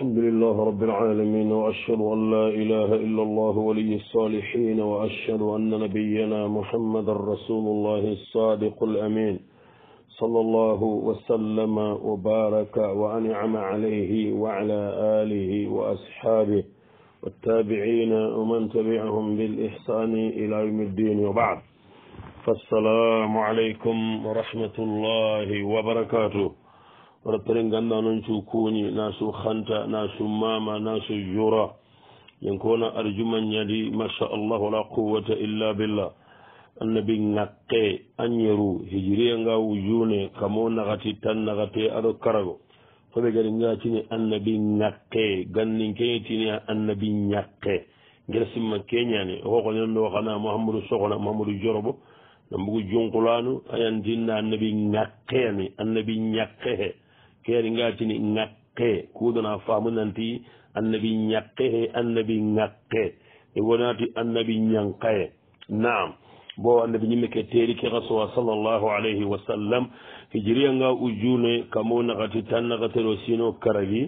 الحمد لله رب العالمين وأشهد أن لا إله إلا الله ولي الصالحين وأشهد أن نبينا محمد رسول الله الصادق الأمين صلى الله وسلم وبارك وأنعم عليه وعلى آله وأصحابه والتابعين ومن تبعهم بالإحسان إلى يوم الدين وبعد فالسلام عليكم ورحمة الله وبركاته wata pere ganda non su kuni na su hanta na su mama na su yura yan kona arjuman yadi masha Allah wala quwwata illa billah annabi ngakke anyeru hijri nga wujune kamo nagati tan nagate ado karago fobe gari nga tini annabi ngakke gannin ke tini annabi ngakke ngel simma kenyani o ko non do xana muhammadu sokhna muhammadu jorobo nambugu junqulanu ayan dinna annabi ngakke ni annabi ngakke keeri ngaatini ŋakke kuudonaa faamu nanti annabi ñakke he annabi ŋakke e wonaati annabi ñankaye naam bo annabi ñimme ke teeri ke rasuwa salllahu alayhi wa sallam hijiriya nga ujjuune kamo nakati tan nakatero sino karagi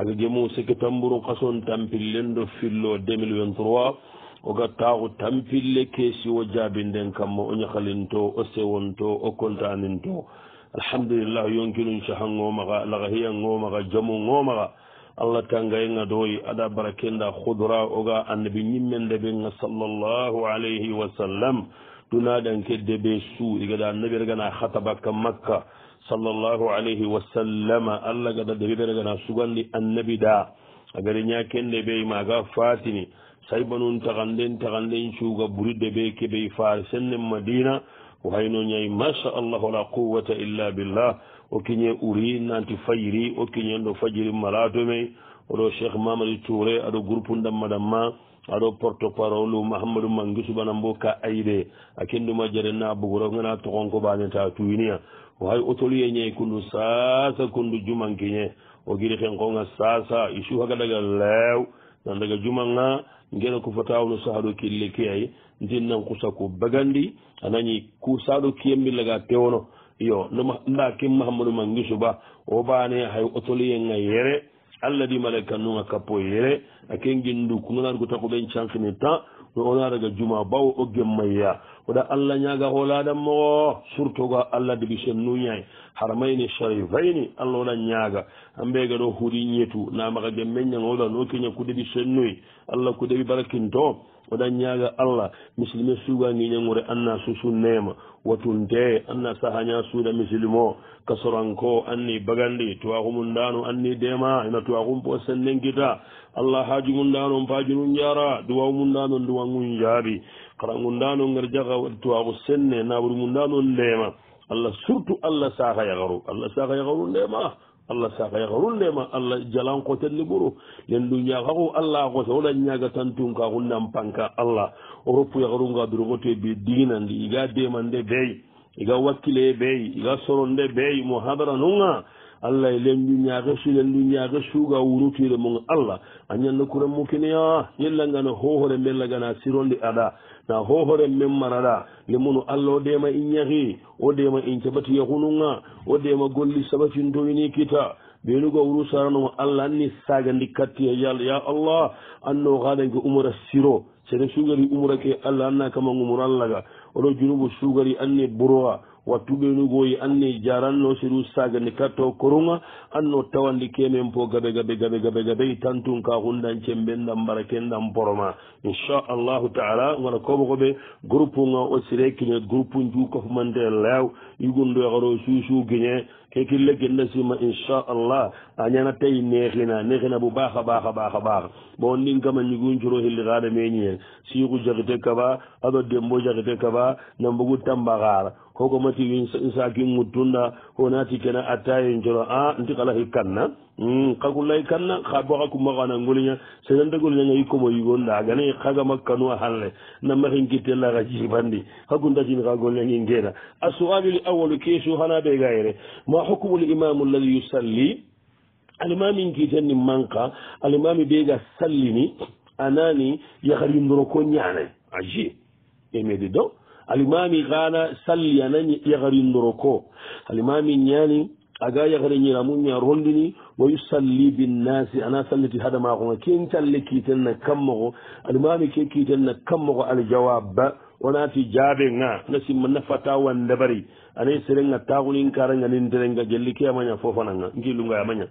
aga gemu sikki tamburun kason tampillen do fillo 2023 oga taaku tampille keesiwo jaabinden kamma o ñakalinto o sewonto o kontaninto alhamdulillah yonkinun caha ŋomaxa laxahiya ŋomaxa jamu ŋomaxa allah tangaye ŋa doyi ada barakenda hudura oga annabi ñimmen debenŋa salallahu alayhi wasallam dunadanke debe su igada annabi regana hatabaka makka salallahu alayhi wasallama allah gada debe be regana sugandi annabi da agada ñaken debe maga fatini saybanun taxanden taxanden cuga buri debe kebe fari sennen madina o hayno ñayi machallahu la quwata illa billah o kiñe uri nanti fayiri o kiñen ɗo fajiri malato may oɗo cheikh mamadou touré aɗo groupe ndammadamma aɗo porte parole mahamadou manguisu banambo ka ayde a kenduma jarena bugoro gana togonko baneta tuyiniya o hay otolie ñayi kundu sasa kundu jumankiñe o giri hen konga sasa isu haga daga lew nan daga jumanga ngeɗa ko fotawno sahaɗo killekiyayi ndin nan kusa ko bagandi anani kusaɗo kiyembillaga pewno yo nda kim mahamadou mangisu ba o bane hay otoliyenga yere allah di malaika nunga kappo yere aken guindu kunanaɗgota ko ɓen cankini tan no ona daga juma bawo o gemmayya oɗa allah ñaga ho laɗanmoo surtout ga allah debi sen nuñay haramayni sharifayni allah oɗa ñaga ambega ɗo huuɗi ñetu namaka gemmeñang oɗa no keña ko deɓi sennuy allah ko deɓi barakinto oɗan ñaaga allah musilime suugaangi ñangure anna susu neema watun de anna sahaña suuda musilime o kasoranko anni bagandi tuwaxumum ndaanu anni deema ina tuwaxum po sennenkita allah haajumum ndaanu paajunu njaara duwawumum ndaano duwangum njaabi xarangum ndaano ngar jaga tuwaxu senne naaburumum ndaano ndeema allah surtout allah saaxa yaxaru allah saaxa yaxaru ndeema allah saka yakarullema allah jalankotelli ɓuru len du ñagaku allah akote wola ñaga tantunka kunnan panka allah o roppu yakarunga durogote be dinandi iga demande bey iga wakkile bey iga soronde bey mo hadara nunga allah len du ñagesu len du ñage suga wurutire mo allah a ñanda kuren mukineya ñellangana hohore mbellagana sironde ada na hohoren min manaɗa limunu allah o dema in yahi o dema in cabati yahununga o dema golli sabatintowini kita ɓenugo wurusaranoma allah anni saga ndi kattihe yal ya allah anno haɗake umra siro sede sugari umra ke allah anna kama gumur allah ga oɗo junubu sugari anni bourowa wattuɓenugoyi e anne jaranno sirou sagani katto koronga anno tawandi kemen po gaɓe gaɓe gaɓe gaɓe gaɓe tantum ka hundan cembendan mbara kendan porma inchallahu taala gona koɓokoɓe groupe nga o sirekine groupe jukofmante law yugundoyaaro e susu guine keke leggen na sima inchallah a ñana tawi neexina neexina bu baax a baax a baax a baax bon ndin kama ñigun curo hilli xaada meñie siiku jaxite kaba aɗo dembo jaxite kaba nambugu tambaxaara hokomati insaki ŋuttunda honati kena attayen coro a nti xala hi kanna xagullay kanna xa boxa kumaxana ngoliña senandagoleñanga i komo yigondaganayi xagama kanu a halle namaxin kittellaxa jibandi xa guntatin xa gollengi ngena a sualil awalu kesu xana ɓega yere ma حكم الإمام الذي يصلي الإمام كيجن منقى الإمام بيجا سلني أناني يغرين دركون يعني عجيب يميدي دو الإمام غانا سلي أناني يغرين دركو الإمام يعني aga yagare ñina mu ña rondini wa yusalli binnasi ana salliti hadama ko ken talle kiten na kammo almami ke kiten na kammo aljawab onati jabe nga nasim na fatawa ndabari anayi serenga taxuninkara nga nintelenga jelli ke amaña fofananga nkilunga amaña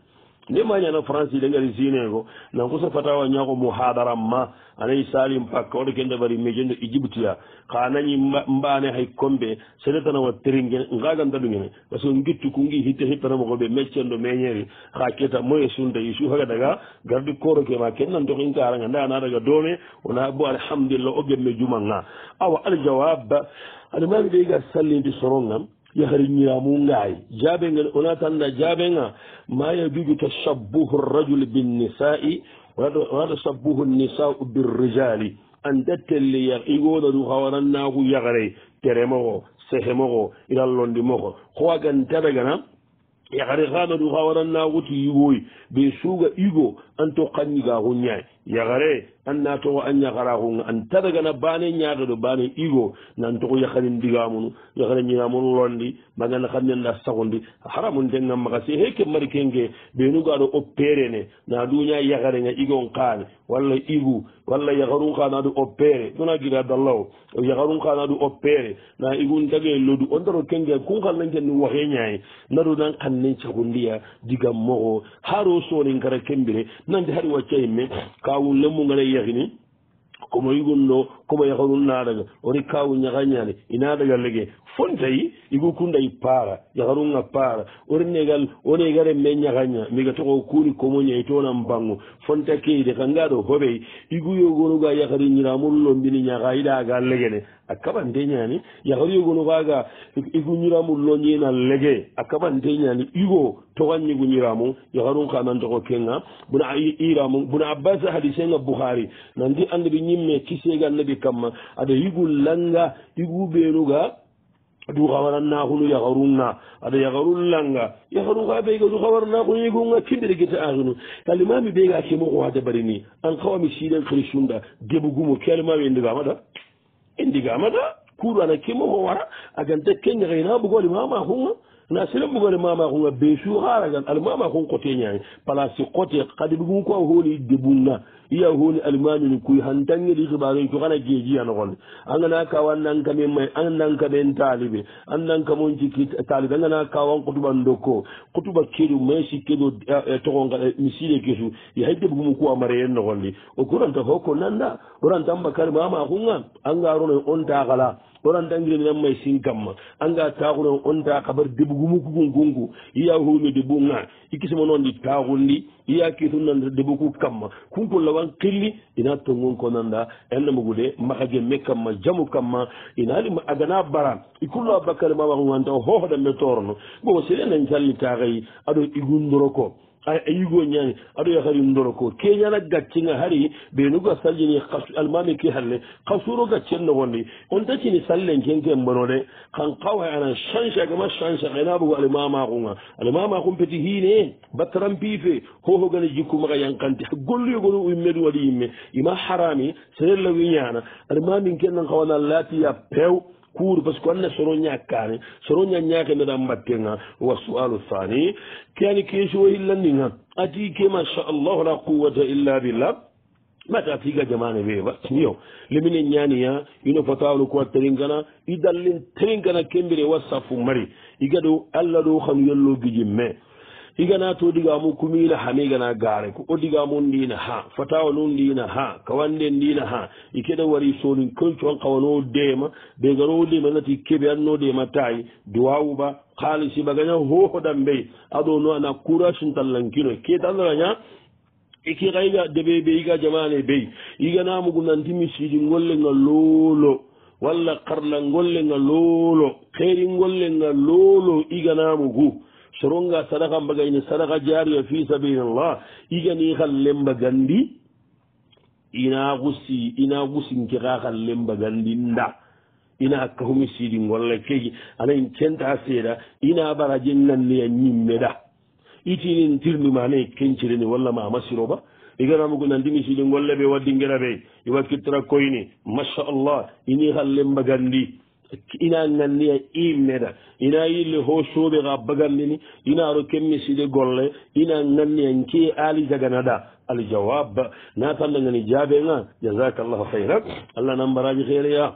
nde mañana france ilenga risineko nankusa fatawa ñako muhadara ma anayi salim pakka oɗo ken ndabari mejondo égyptia xa nañi mbane hay combe senetanawa tringene ngagantaɗungene parce que ngittu kungi hitte hippanamoxoɓe meccendo meñeri xa keta moye sunta yusuf haga daga gardi korokema ken nantoxinkaranga nda ana daga dome ona bo alhamdulillah o gemme jumanga awa aljawab aɗa mawi ɗe gar sallidi soron gam yahari ñiramungaayi jaabenga ona tanna jaabenga ma yajuju tashabbuhu rajule bin nisai wonata sabbuhu nisau bin rijali andettelle yag igoda du hawarannaku yagare teremogo sehemogo irallondi mogo howa gantaɓe gana yagare hanadu hawarannaku ti yigoyi ɓe suga igo anto kanñigaku ñayi yagare an natogo an yagaragun an tadagana bane yagedo bane igo nantogo yakarin digamunu yakare yinamun londi magana kanyanda sagondi haramun tenga makasi he kemari kenge benugado opperene na duña yagarenga igon kane walla igu walla yagarun kanadu oppere duna gira dallaw yagarun kanadu oppere na igun tage lodu ondaro kenge kunkal nangeni wahe ñayi nadu nan kanne cagundiya digam mogo haro sonin kara kembire nandi hari waccayimme ka kawu lemu ngara yahini komoy gonno koɓo yahonu naɗaga ori kawu ñahañani inaɗaga ligue fontayi igu kundayi paara yaharunga paara orinegal onegare me ñahaña miga toxo kuni komoñayi tonan bangu fonta keyide kanga ɗo hoɓey igu yogonuga yahari ñiramolu lombini ñahayiɗaga legene a kaɓante ñani yahari yogonugaga igu ñiramu loñina lege a kaɓante ñani igo toxanñigu ñiramu yaharun kanan toxo kenga buna iramu buna abbas hadisenga bouhari nanti annabi ñimme kisega annabi kamma aɗa yigu langa yigu ɓenuga du hawarannakunu yakarunna aɗa yakarun langa yakaru ka ɓeyga du hawarannakunu yigunga kimɓere gete akunu kalimami ɓeyga kemoko ha dabarini an kawami siren christiunda debugumo ke alimami indigamaɗa indigamaɗa kuru ana kemoko wara aganta kenñahayna ɓugo alimamakunga na sila mbugani mama kunga besu hara gan al mama kun kote nyaani place kote kadi bugun ko holi debunna iya holi almani ni kuy hantangi di kibare to kana geji an gon anana ka wannan ka men mai anan ka ben talibe anan ka mon jiki talibe anana ka wan kutuba ndoko kutuba kedu mai si kedu to gonga misile kesu ya hedde bugun ko amare en gon li o kuranta hokko nanda uran tamba kar mama kunga angaro ne on ta kala ɓoranta angiri nan may sin kamma anga taxuron onta xabar debugumukugun gungu iya hume debunga i kisimanondi taxundi iya kiitunnanda debugu kamma kunkun lawan killi ina tongun konanda annamugude maxa gemme kamma jamu kamma inali agana bara i kurlowa bakkari mabaxuganta hooxodanɓe torono bo sirenan calli taxayi aɗo igun doroko a yigoñani aɗoya hari ndoro ko keñana gaccinga hari ɓenuga sallini almami ki halle kasuro gaccen nogondi on tacini sallen kenken bonode kan kawa ana change agama change kena bogo alimamakunga alimamakum peti hine battaran pife hohogani jikku maga yankanti golluyogono immedu waɗi yimme ima harami senelawiñana alimamin kennan kawana latiya pew kuur parce que anna soro ñakkaani soro ña ñaakeneɗa mbatteŋa wa sualu sani keani kesio hillandiŋa ati ke machallah la quwata illa billah mata tiga jamane weeba yo lemine ñaaniya ino fotawlu kuwa teriŋkana i dallin teriŋkana kembire wa safu mari i gado allah ɗo xanu yollo gijin mais higana to ɗigamu kumila ha migana gare ko o ɗigamun ndina ha fatawa nun ndina ha kawande ndina ha ikeɗa wari sonin kolco on kawano dema ɓe gano dema nati keɓe anno dema tayi duwawuba halisi bagaña hohoɗan mbey aɗo no ana courage ntallankino ketanaraña iki kayga deɓe ɓe yiga jamane bey yiganamugu nantimi siidi gollega loolo walla karla gollega loolo xeeri gollega loolo iganamugu soronga sadaka mbagayni sadaka jariya fi sabilillah igani xallen mbagandi ina gusi ina gusinke nda ina kahumi sidi ngolla keyi anayin kenta seeda ina bara jennanneya ñimmeda itinin tirnima anayi kencireni walla mama siroba igaramugu nandini sidi ngolle ɓe waddingera ɓe iwa kittara koyni masha allah ini xallen ina ngandiya e i meda ina yille ho soɓe xa bagandini inaro kemme side golle ina ngandiya nke ali jaganada aljawab natallangani jaɓenga jasakallah hayra allah nambaraji xeereya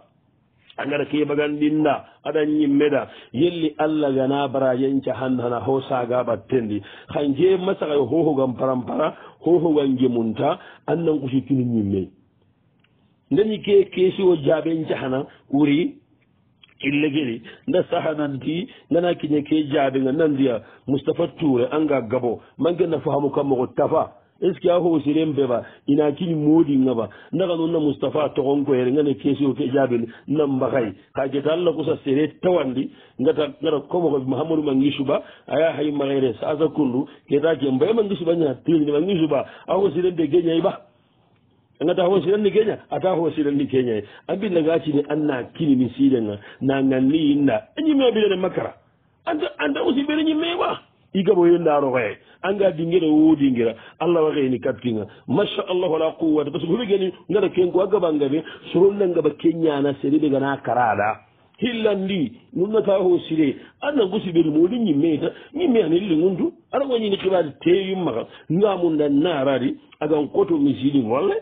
a ngara ke bagandinda aɗa ñimmeda yelli allah gana barajenca handana ho saga ɓattendi xan ke masakay hohogan parampara hohogan jemunta annan kusi kini ñimmey ndeni ke keesi o jaɓencahana uri kille geɗe nda saha nanti nana kiña ke jaɓega nandiya moustapha toure anga gabo mangenna fo hamo kammoko tafa est ce que a hoosiren beɓa ina kini moodingaɓa ndaganunna moustapha togonkoyere ngane kesio ke jaɓel nambahay ha geta allah kosa sere tawandi ngata ngata komoko mahamadou mangisuba aya hay mahayre sasa kundu geta ke mbaye mangisuba ña tirni mangisuba a hoosiren ɓe geñayɓa anata hoosiranni keña ata hoosiranni keña e ambinna gaacini anna kini mi siidanga na nganni yinna a ñimmea ɓirene makkara anta anta aussi ɓene ñimmee ɓa igabo yo ndaaro xoye anga dingere woodingira allah waxeeni kaptinga macha allahu ala quwata parce que hoɓegeni ngara kenko a gaɓangame soronangaɓa keñana seri ɓe gana karaɗa hillandi nunnata hoosire anna gosi ɓeri moodi ñimmeyta ñimme ani liguntu aɗa wañini xiɓaade teyum maxa ngamunda naarari agan koto misiɗi ngolle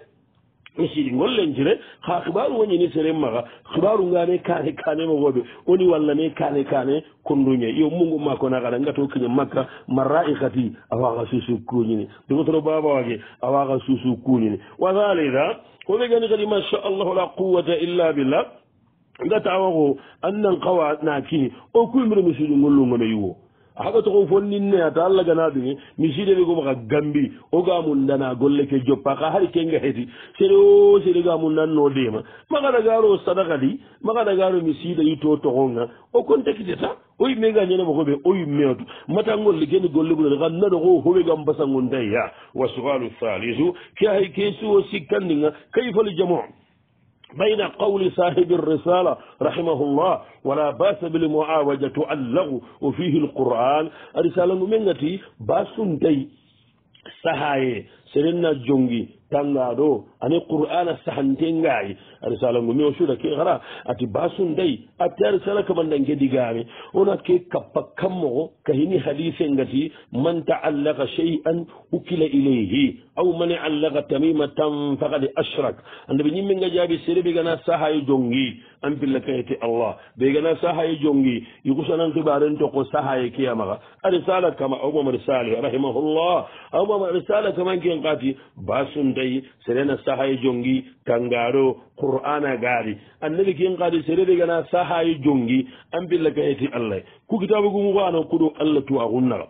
misiɗi gollentire ha hibaru woñi ni serem maga hibaru ngane kane kane mogoɓe woni walla ne kane kane konduñe yo mungu makko nagaɗa gato kiña makka marrai kati awaga susu kuñini dogotoro babawage awaga susu kuñini wahalida hoɓe gani kadi masha allahu la quwata illa billah gata awago annan kawa na kini o kuymiro misiɗi gollugo no yiwo a haɓato ko fonnin ne ata allah gana ɗumi mi siɗeɓe ko maka gambi o gamum dana golle ke joppa ka haɗi kenga heeti seɗe o seɗe gamum nanno deema makaɗa garo sadaka di makaɗa garo mi siida yitto togonga o contekiteta o yimme gañanama koɓe o yimmeatu matangolle kene golle ɓurani kam naɗo ko howe gam basagon dayya wa sualu halisu ke hay ke suwo sikkandinga kayfal jamoa بين قول صاحب الرسالة رحمه الله ولا باس بالمعاوجة اللغو وفيه القرآن التي باس باسنتي سهاي سرنا jongi tangaɗo ani qur'ana sahantengayi aɗa salangumi o suuɗa ke gara ati basun dai atti aɗa sala ke digami ona ke kappa kammogo kahini hadise ngati man ta'allaqa shay'an ukila ilayhi aw man allaka tamimatan faqad ashrak anda ɓe ñimminga jaabi sere ɓe gana sahay jongi an pilla kayete allah be gana sahay jongi yikusanan tibaren to ko sahay kiyamaga aɗa sala kama aw mamad rahimahullah aw mamad sala kaman ken kati basunda tay serena saha e jongi kangaro qur'ana gaari annabi kin kaadi serediganaa saha e jongi an billa kayeti allah ku kitabu gumu wano kuɗum allah tuwa kunnaga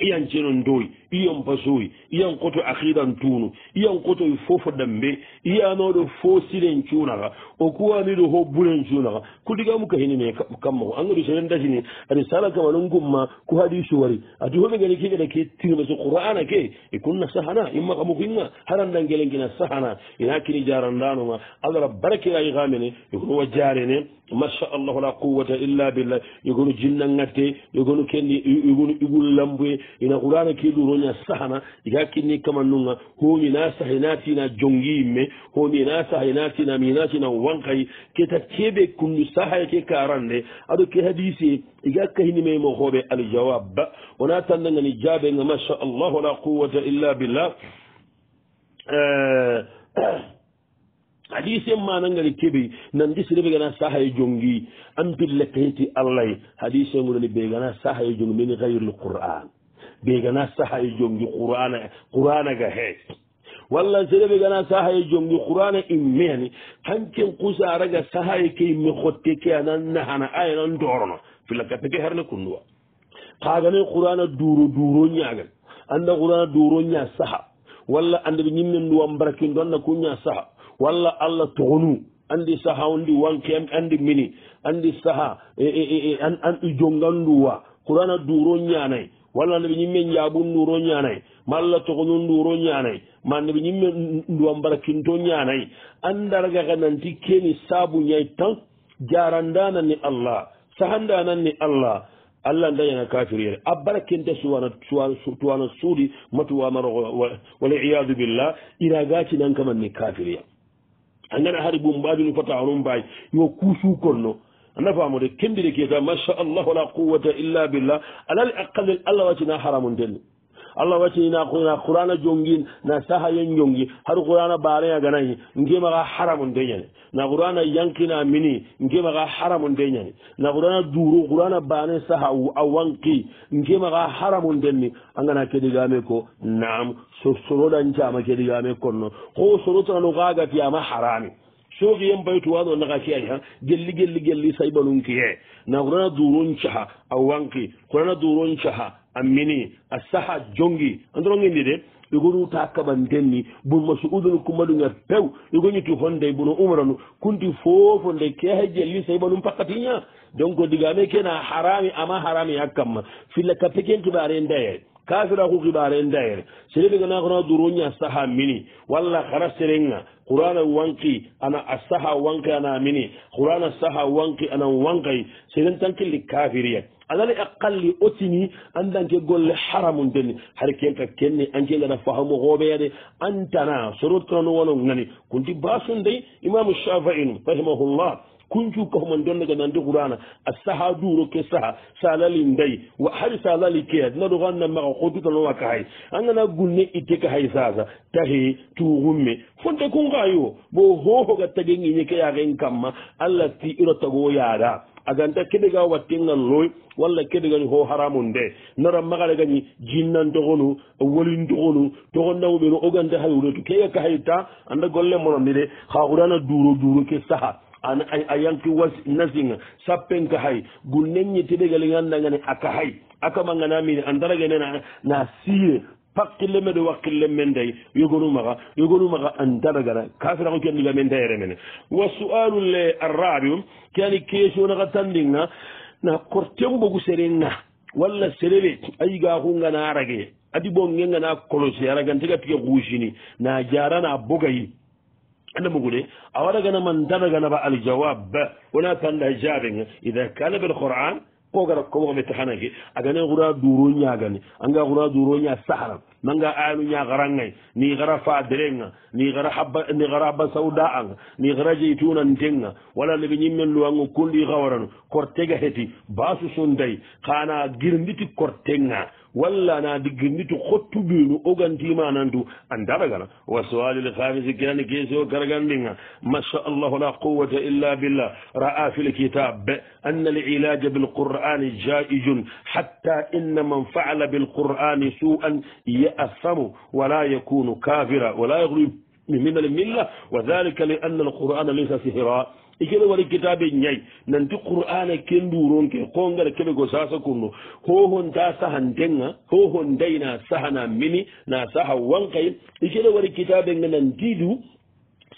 iyan jenon doyi iyan basoyi iyan koto akiran tunu iyan koto fofo dambe iyanoɗo fo silen cunaka o kuwamiɗo ho bulen cunaka kudigamu kahinime kammao angedo sen dasini aɗa sala kama non gumma ko hadisu wari adi homi gani keɓeɗa ke tirma so qur'ana ke e kunna sahana imma kamu kinga haranda gelen kina sahana ina kini jaranɗanoga allah ra barakiraji kamene e kono wa jarene machallah la quwata illa billah yogonu jinna gatte yogonu kendi yogonu igul lambuye ina qurana kiluroña sahana iga kinni kamannunga homi na sahe natina jongi yimme homi na sahe natina minatina wankayi keta kebe kundu sahaye ke karande aɗo ke hadise iga kahinimey mohoɓe aljawab ba wona tandagani jaabenga machallah la quwata illa billah eh, hadise manangani keɓi nandi sire ɓegana sahaye jongi ampille kayiti allahy hadise gunani ɓegana sahaye jongi mini gayrle qur'an ɓegana sahaye jongi qur'an qur'anaga he walla sere ɓegana sahaye jongi qur'ana immeani hanken kusaraga sahaye ke imme hotte ke anan nahana ayanan dorono filakapeke herne kunduwa kagane qur'ana duro duro ñagan anda qur'ana duro ña saha walla anda ɓe ñimmen nduwan barakindo anna kuña saha walla allah togonu andi saha ondi wanke andi mini andi saha andi jonganduwa qur'ana duro ñanayi walla ndeɓe ñimme jaabun nduro ñanayi ma allah togonu nduro ñanayi ma ndeɓe ñimme nduwambara kinto ñanayi andarga ka nanti keni saabu ñayi tan jarandananni allah sahandananni allah allah dañana kafiriyere a bara kente suwana tuwana suudi matuwamarogo waliyadu billah iragacinan kamanni kafiriya anana hari bum mbaɗinu fota honum mbawi yo kuusu kendi anna famude kendiri keeta machallah wala quwata illa billah alal aqallel allah watina haramun ndelli allah waccinina qurana jongin na sahayen jongi har qurana baaraya ganayi ngemaga haramun deñani na qurana yankina mini ngemaga haramun deñani na qurana duru qurana baane saha a wanki ngemaga haramun denni angana kedigame ko naam so soro dancama kedigame konno ko soro tanano kagatiyama harami cooxiyen baytu waado naxaki ay xa gelli gelli gelli saybanunkiye na xurana duron caxa a wanki xurana duron caxa a mini a saxa jongi androngindi de igonu ta kaɓanten ni bunma suudunu kumaɗunga pew igoñiti honday buno umaranu kunti foofo nde kexe jelli saybanum pakatiña donc digame kena harami ama harami a kamma filla kappe ken kiɓaren deye kafira ku kibare ndayere serebe gana kono duronya saha mini walla khara serenga qur'ana wanki ana asaha wanki ana mini qur'ana saha wanki ana wanki seren tankil kafiriya alal aqalli otini andanke golle haramun denni har kenka kenni anke gana fahamu hoɓeyade antana sorotkanano wono gani kunti basundey imamu shafi'in rahimahullah kuncu kohman donnaga nandi qurana a saha duro ke saha salali ndey hari salali ke naɗoxanna maxa xotutanowa ka xay a ngana gunne itte ka xay sasa taxe tuxumme fonte kun xayo bo xooxoga tageŋiñe ke yaxen kamma a lati iro tago yaaga aganta keɗega wattengan looy walla keɗegani ho haramu nde nara maxaregani jinnan toxonu wolin toxonu toxonnawuɓeno oganta hay wuretu keya ka hay ta anda golle mononi de xa xurana duro duro ke saha an ay a yanki was nasiga sappen ka hay gunneñetiɗegale gandagane aka hay akamagana mine andarage nena na sire pakkillemme ɗo wakkillemmen day yogonumaga yogonumaga andaragara kafiraku kendigamen tayere mene wa sualu le arrabiu keani question naga tandinga na korten bogu serenga walla serere ayigakungana arage adi bongenga na kolosi aragantiga tige kusini na jarana bogayi anda mugule awaraganaman danaganaba aljawab wona tanda jaabega ida kana bel qouran ko gara kowoome taxanake agane xura duro ñagani anga xura duro ña saxara nanga ayanu ñaxarangay ni xara faderenga ni xara xaba ni xara xaba sawda anga ni xara jeytuna ntenga wala lege ñimmen luwanga kundi xawaranu kortega heti basu sunday xana girnditi kortenga ولا نا ديغ نيتو خوتو بينو اوغانتي ما ناندو اندارغانا وسؤال الخامس كان كيسو كارغاندين ما شاء الله لا قوه الا بالله راى في الكتاب ان العلاج بالقران جائز حتى ان من فعل بالقران سوءا ياثم ولا يكون كافرا ولا يغلب من المله وذلك لان القران ليس سهرا e kene waɗa kitaɓe ñayi nanti qur'ana kenduronke hongara keɓe ko sasa kurno hohon ta saha ndenga hohon dayi na saha na mini na saha wankay e kene waɗa kitaɓe ga nandidu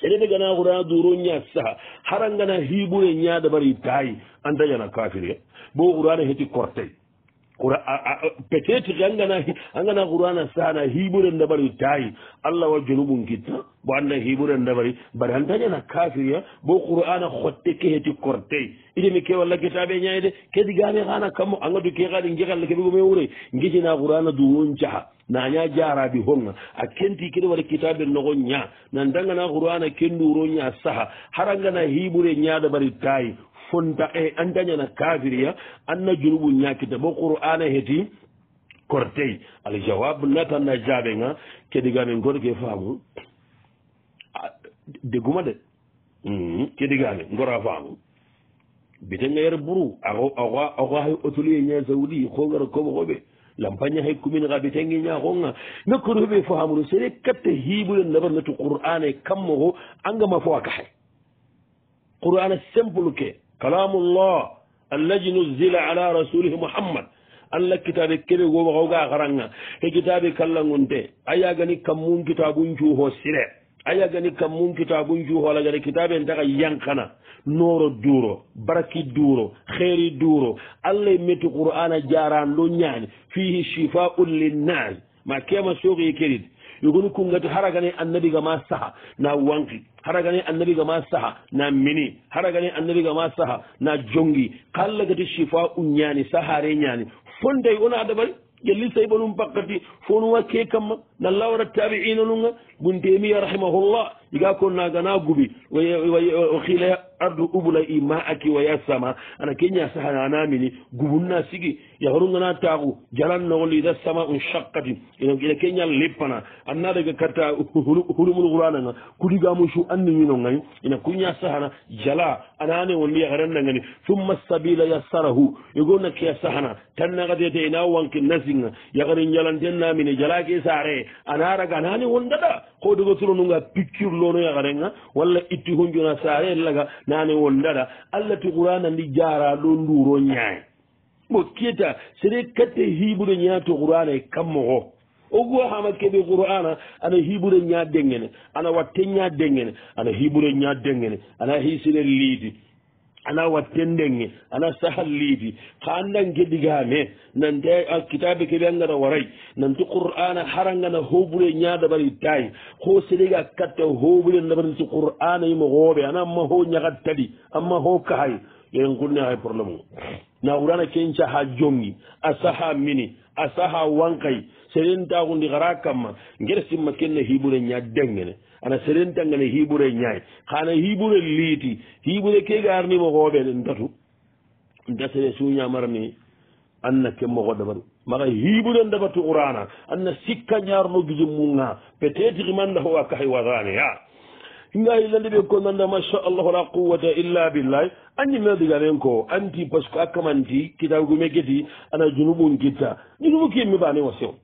serede gana hura duronya saha haran gana hiɓure ñadabari dayi andayana kafire bo qur'ana heti kortey peut être angana angana qur'ana sana hiɓure ndabari tayi allah wa junubun kitta bo anna hiɓure ndabari bari antañana kafiriya bo qur'ana hotte keheti kortey idemi ke walla kitaɓe ñayde kedi gaame xana kammo angadu ke xadi jeallah keɓegome wure gecina qur'ana dungon caha naña jaraɓi honga a kenti kede waɗa kitaɓe nogo ña nandangana hurana kenduro ña saha harangana hiɓure ñaɗa ɓari tayi fonta e eh, an dañana kafiriya anna junubu ñakita ɓo qur'ana heeti kortey aljawab natanna jaɓenga kedigamen gonke faamu deguma de mm-hmm. kedigame gora faamu bitengayer buru oxo hay otolie ña saudi ko ngara koɓoxoɓe lampagna hay kumin gaɓe tengi ñaxonga nokkoroɓe fo hamro sere katta hiɓure nabarnatu qur'ana e kamma ho angama fo a kaxe qur'ana simple ke kalamu llah allaji nuzila ala rasulihi mohammad allah kitaɓe keɓe gomaxoga xaranga he kitaɓe kallangonte a yagani kammun kitabuncuho sire aya gani kam mun kitabun juhola gani kitabe en taka yankana noro duro baraki duro heri duro allah meti qur'ana jaran do ñani fihi shifaun linnas ma kema sooki e kerit yogoni kungati haragani annabi gama saha na wanki haragani annabi gama saha na mini haragani annabi gama saha na jongi kallagati shifa un ñani sahare ñani fonday ona adabari jelli sayɓa num pakkati fonuwa ke kamma nallawara tabi'ina nunga bunte miya rahimahullah iga konna gana gubi oxila ardu ubula ima aki waya sama ana kenya sahana anamini gubunna sigi ya yaharungana taxu jalan noxoli da sama un shakkati ina kenya lippana anna daga katta mushu xurananga yino anniñinongani ina kunya sahana jala anane wonni ngani thumma sabila yassarahu yugona keya sahana tannaxatete ina wanki nasinga yaxarin jalanten namine jala ke sare ana raga anane wondata xo dogoturonunga piccure kulloono yagarenga walla itti honjona saare laga naane won ndara allah ti qouranandi jara ɗo nduro ñaay bo keta sere katte hiɓude ña to qourana e kammoxo o goo xama keɓe qourana ana hiɓude ña dengene ana watte ña dengene ana hiɓude ña dengene ana hi sere liidi ana watten ndeŋŋe ana sahal liidi ha nange ɗigame nante kitabe keɓe angana waray nanti qur'ana harangana hoɓure ñadabari tay ho sedega katta hoɓure nabaranti qur'ana yimohooɓe ana ma ho ñagat tadi amma ho kahay yoen kunne hay probléme o na wurana kenca ha jongi a saha mini a saha wankay seɗen tahundi hara kamma gere simma kenne hiɓure ña ndeŋŋene ana serentangane hiɓure ñaay hana hiɓure liiti hiɓure kegarni mo hooɓene ntatu ntasene suña marani anna kemmoho dabaru maga hiɓure dabatu qurana anna sikka ñarno gisu munga peutetre imanda ho akahay wasane ha ingayi landiɓe konanda macha allahu la quwata illa billahi anni merdiganen ko anti par ce que akkamanti kitagume geti ana junubun gitta junubu kimmi bani wa sew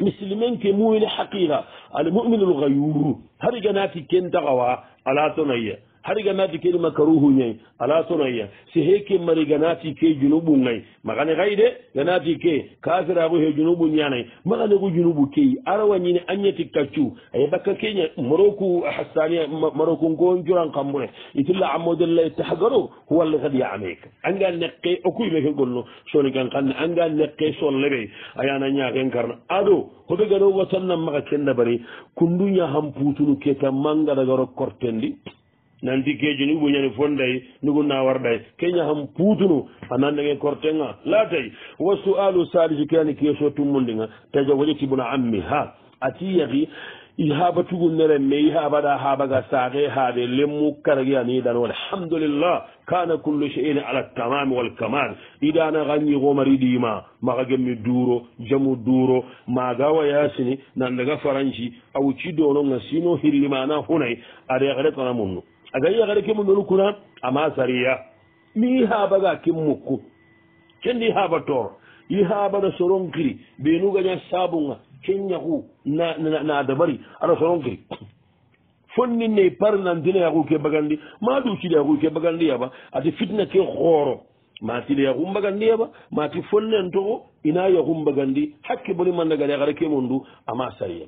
muslimen ke mumine haqiqa al mumine lgayuru hari ganaki ken taxawa ala tonoye harganati kedi makaruhu ñayi ala sonaya si he ke mari ganati ke junubu ŋayi magani xayi de ganati ke kasiraku he junubu ñanayi magani ku junubu keyi arawa ñini a ñeti kaccu aye bakka keña maroku hasania maroku ngon juran kambure itilla amadullahi tahgaro huwallihadi amek anga neqe okuyimeke gollo soni kan kanne anga neqe sollebe ayana ñaken karna ado hobe gano watanna maga kennabari kundu ñahan putunu ke ta mangadagaro kortendi nanti keejo ni ɓuñani fonday ndugu na warɗay keña ham puutunu a nandege cortenga laatay wa sualu salisi keani keeso tummundinga tajo waje tibuna ammi ha ati yaki ihaaba tugu neren me ihaabaɗa haabaga saake haade lemmu karagi aniidan walhamdulillah kana culle cheyin ala tamami walkamal idana xa ñiixomari ɗiima maxa gemmi duuro jamu duuro maaga wayasini nandaga faranci awu ci doonoga sino hillimana hunay adexeretana munnu agari yagare ke mundonu kuna a ni sariya ba ga kin ni kendi haba tor i habana soronkiri benugaña sabunga kenñaku na dabari soron soronkiri fonni ne par nantina yaku ke bagandi ma ducide yaku ke bagandi yaba ti fitna ke hooro ya yaku bagandi yaba ti fonnen togo ina yaku bagandi hakke boni mandagada yakara ke mon du ama sariya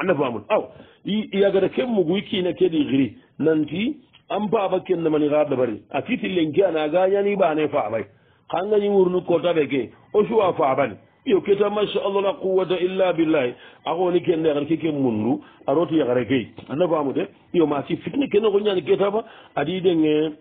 anda famun aw ga ke kemu i kiina kedi xiri nanti an faaba kenna mani xa ɗabari a kitilen ke anaga ñani ɓane faabay xangañi wurnu kota ɓeke o suwa faabani iyo keta masallah la quwata illa billahi axoni kenne xar keke mundu a roti yaxare key ana faamu de iyo maci fitna kene xo ñani ketafa adi denge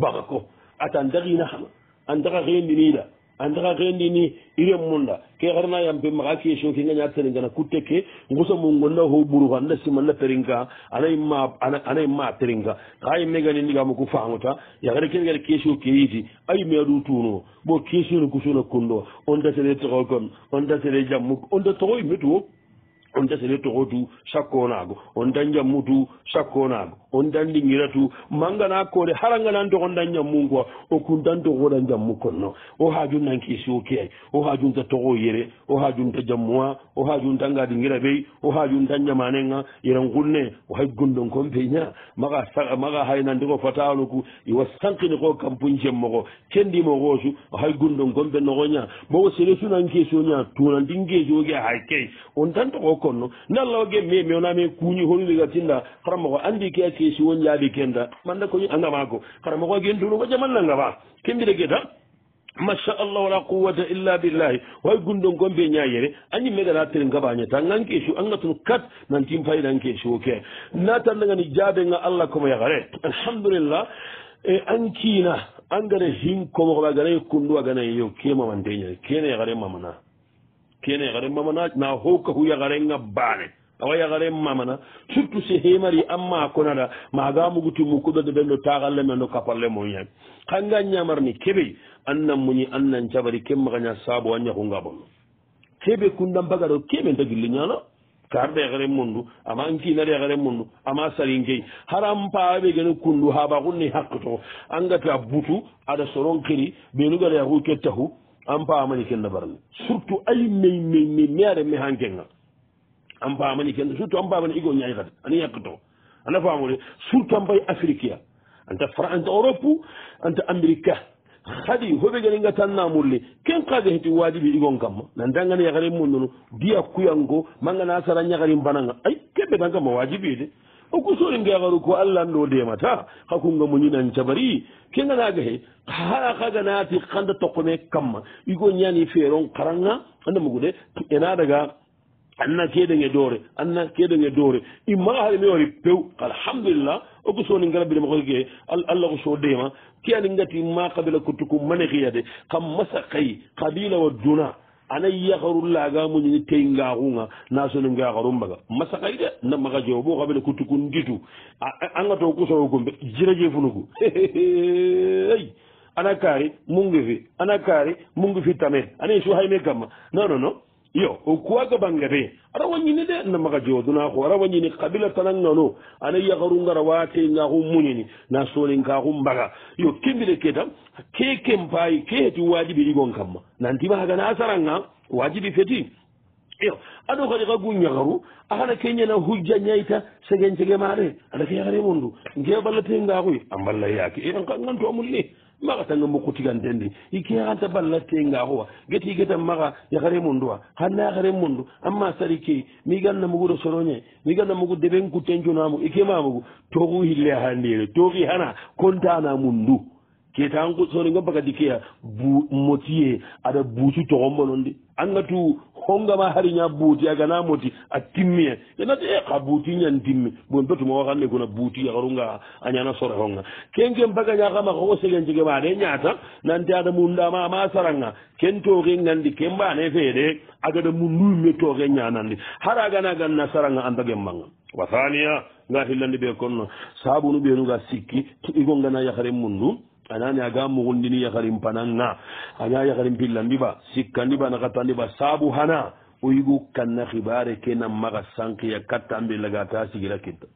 baxa ko atan taxina xama an taxa xeendiniɗa antaxa xeenini irem munda ke xarna yampe maxa question ke ngañaa teringana ku tekke ngusamo ngonna ho ɓuru fa nda simanna teringka ana yimma a teringka xaa yimme gani ndigamo ku faamuta yaxere kene gani question ke yiti a yimme aɗu tuuno bo question ne kusuna kundo on datere toxo kon on datere jammu on da toxo yimme tuwo on desanettoxo tu sakkonaago on dan jammu tu sakkonaago on dan ɗingira tu mangana koore haranganan toxon dan jammu qua o kuntan toxoɗan jammu konno o hajunnan kiisi o kiyay o hajunta toxo yere o hajunta jammuwa o hajuntanga ɗingira ɓey o hajuntan jamanenga yeren xunne waxay gundon kon peña maga haynandi xo fataaloku iwa sankini xo kampu jemmoxo kendimoxoosu waxay gundon kon pe noxoña bogo sere sunan kiisi o ña tunandin kiisi o ke hay key on tan toxo konno ni allah wage me mi wonami kuñi honudega tinda haramogo andi ke a keesi won jaabi kenda manda koñi a gamako haramogo agen tunu wa jamanna gama kembira geta machallah wala quwata illa billahi way gundon gon be ñayere añi megana tere gabañata ngan keesu angatun kat nantim fayidan keesu o ke natandagani jaabe nga allah komo yagare alhamdoulillah e ankina angara hin komoxoɓa ganayi kundu a ganayi yo ke mamanteñane kene yagare mamana kene yagaren mamana na hokahu yagarenga bane awa yagaren mamana surtout si hemari amma konada maga muguti mukudo de ɓendo tagalle mendo kapalle moya kanga ñamarni keɓe annan muñi annan cabari kemmakaña sabo a ñakunga bonno keɓe kundan bagaro keɓe nta gilli ñana karde yagaren mundu ama nkinar yagaren mundu ama sarinkey haran paɓe gene kundu haɓa kunni hakqe to angati a butu aɗa soron kiri ɓenugara yahu kettahu an paamani kenda barani surtout ay mey mey mey meyare me han kenga an paamani kenda surtout an paamani igo ñayikati ani yakkato ana faamude surtout an bay africia anta fra anta europe anta america hadi hoɓe gani nga tan namurli ken kaga heti waajibi igon kamma nandangani yakari mununu diya kuyanko mangana sara ñakari mbananga ay keɓɓe tan kamma waajibide o kusori ngegaru ko allahno demata ha kunga muñinan jabari ke ganaga he hala kaga naati kanda tokkone kamma igo ñani feron karanga anda mugude ena daga anna kedenge doore anna kedenge doore immaga hari mi wari pew alhamdulillah o kusoni ngarabine makoge allah ko so dema kiyani ngati ma kabila kutuku manehiyade kam masa kay kabila wa duna ana yakaru lagamuñini tey ngaxunga na sonim ke yakaru mbaga masakay de na maxa jeo bo xabene kutukun ngitu a ngato kusowo gombe jira jefunuku ay ana kaari mu ngi fi ana kaari mu ngi fi tame ana su hayme kamma non non non iyo o kuwaga bangebe ara wañini de namaga jooduna ko ara wañini kabila tanan nano ana yagaru ngara waate ngaxu muñini na soninkaxu mbaga yo kembire ke tam ke kem paayi ke heti waajibi igon kamma nanti maagana saranga waajibi feti iyo ado kadi xa gu ñagaru axana ke ñana hujja ñayta segen cege maade ada ke yagare mondu nge ballate ngaaxuy a mballa yaake ian ngantu amul ne maxa tanga mukku tiganten di i ke xanta balla tenga xuwa geti geta maxa yaxare mundu wa xanna yaxare mundu amma sari key mi ganna mugu do sorone mi ganna mugu deɓen kutten cunamu i ke ma mugu toxu xille xandeere toxi xana contana mundu ketaoniobaka dikeya motiye aɗa buutu togonbo non di angatu hongama hariña buuti agana moti a timmiya yenati e eh, ka buutiñan timmi bon betu moo kanne kuna buuti yakarunga a ñana sore honga kenken bagaña kama koko segencege maade ñata nanti aɗa mundama ama saranga ken toke gandi ken mbane feede agaɗa mundu me toke ñanandi hara agana ganna saranga an bagen mbanga wa thania nga hillandi ɓe konno sabunu ɓenuga sikki igo gana yakaren mundu anani aga mugundini yakarin pananga anya yakarin pillandiba sikkandiba nakatandiba sabu hana uyigu kanna khibare kenan maga sanki yakatta ambe laga ta sigira kitta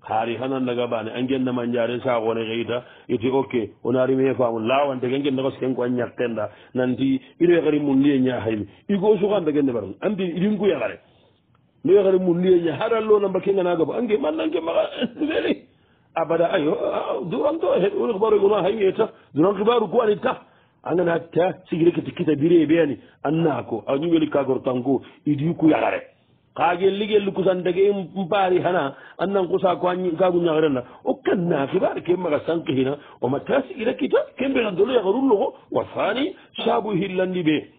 hari hana laga bani angen na manjare sa gone gaita iti oke okay. onari me faamu lawan de gengen nako sken ko nyaktenda nanti ido yakari mundiye nya haymi igo sugan de gende baral andi idingu yakare ni yakari mundiye nya haral lo namba kenga nagabo ange man nange maga veli abada ayo duranto hed ol kbaru gono e hay weta duranto baru gowani ta angana ta sigirekete kita bire e beyani annako añumeli kagortanko idiku yagare kagelli gelli kusandege e mpari hana annan kusa kagu ñagarenna o kanna kibar ke maga sankehina oma ta sigire kita kembena dolo yagarullogo wa fani sabu hillandi be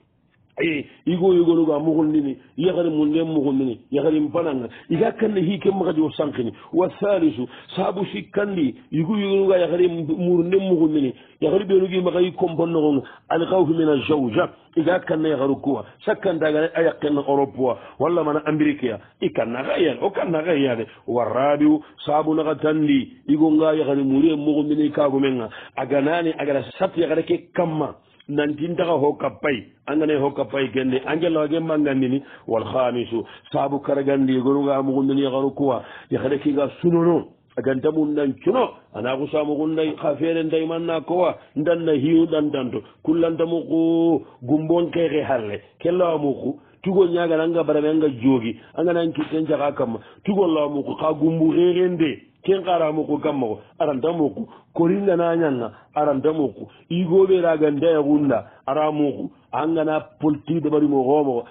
ayi igoyogologa muhundini yahari munden muhundini yahrin bananga iga kanne hi ke makadio sankini wa halisu sabu sikkandi igoyogologa yahari murunden muhundini yahari ɓenugi makayi componnogonga ani kawfi mena jauja iga kanna yahari kuwa sakkantagani a yakkenna europea walla mana amérikea i kannaga yade o kannaga yade warrabiu sabu naga tandi igonga yahari murien muhundini kagumenga aganani agara sat yahare ke kamma nantintaxa hoka pay angana hoka pay kenne angelaxa ge mangandini wal hamisu sabu karagandigonuga muxundani xaru kuwa yaxada kiga sunono aganta munnan cuno ana xusa muxunda xa fere ndaymanna kowa ndanna xiu ɗantanto kullantamuxu gumbon keexe xarle kelawa muxu tugo ñaganannga barame anga joogi angana kitten caxa kamma tugo lawa muxu xa gumbu xexen de ken karamoko gammako aran damoku korindanañanga aran damoku igoɓeragandayahunda aramoku angana politique deɓarimo homoko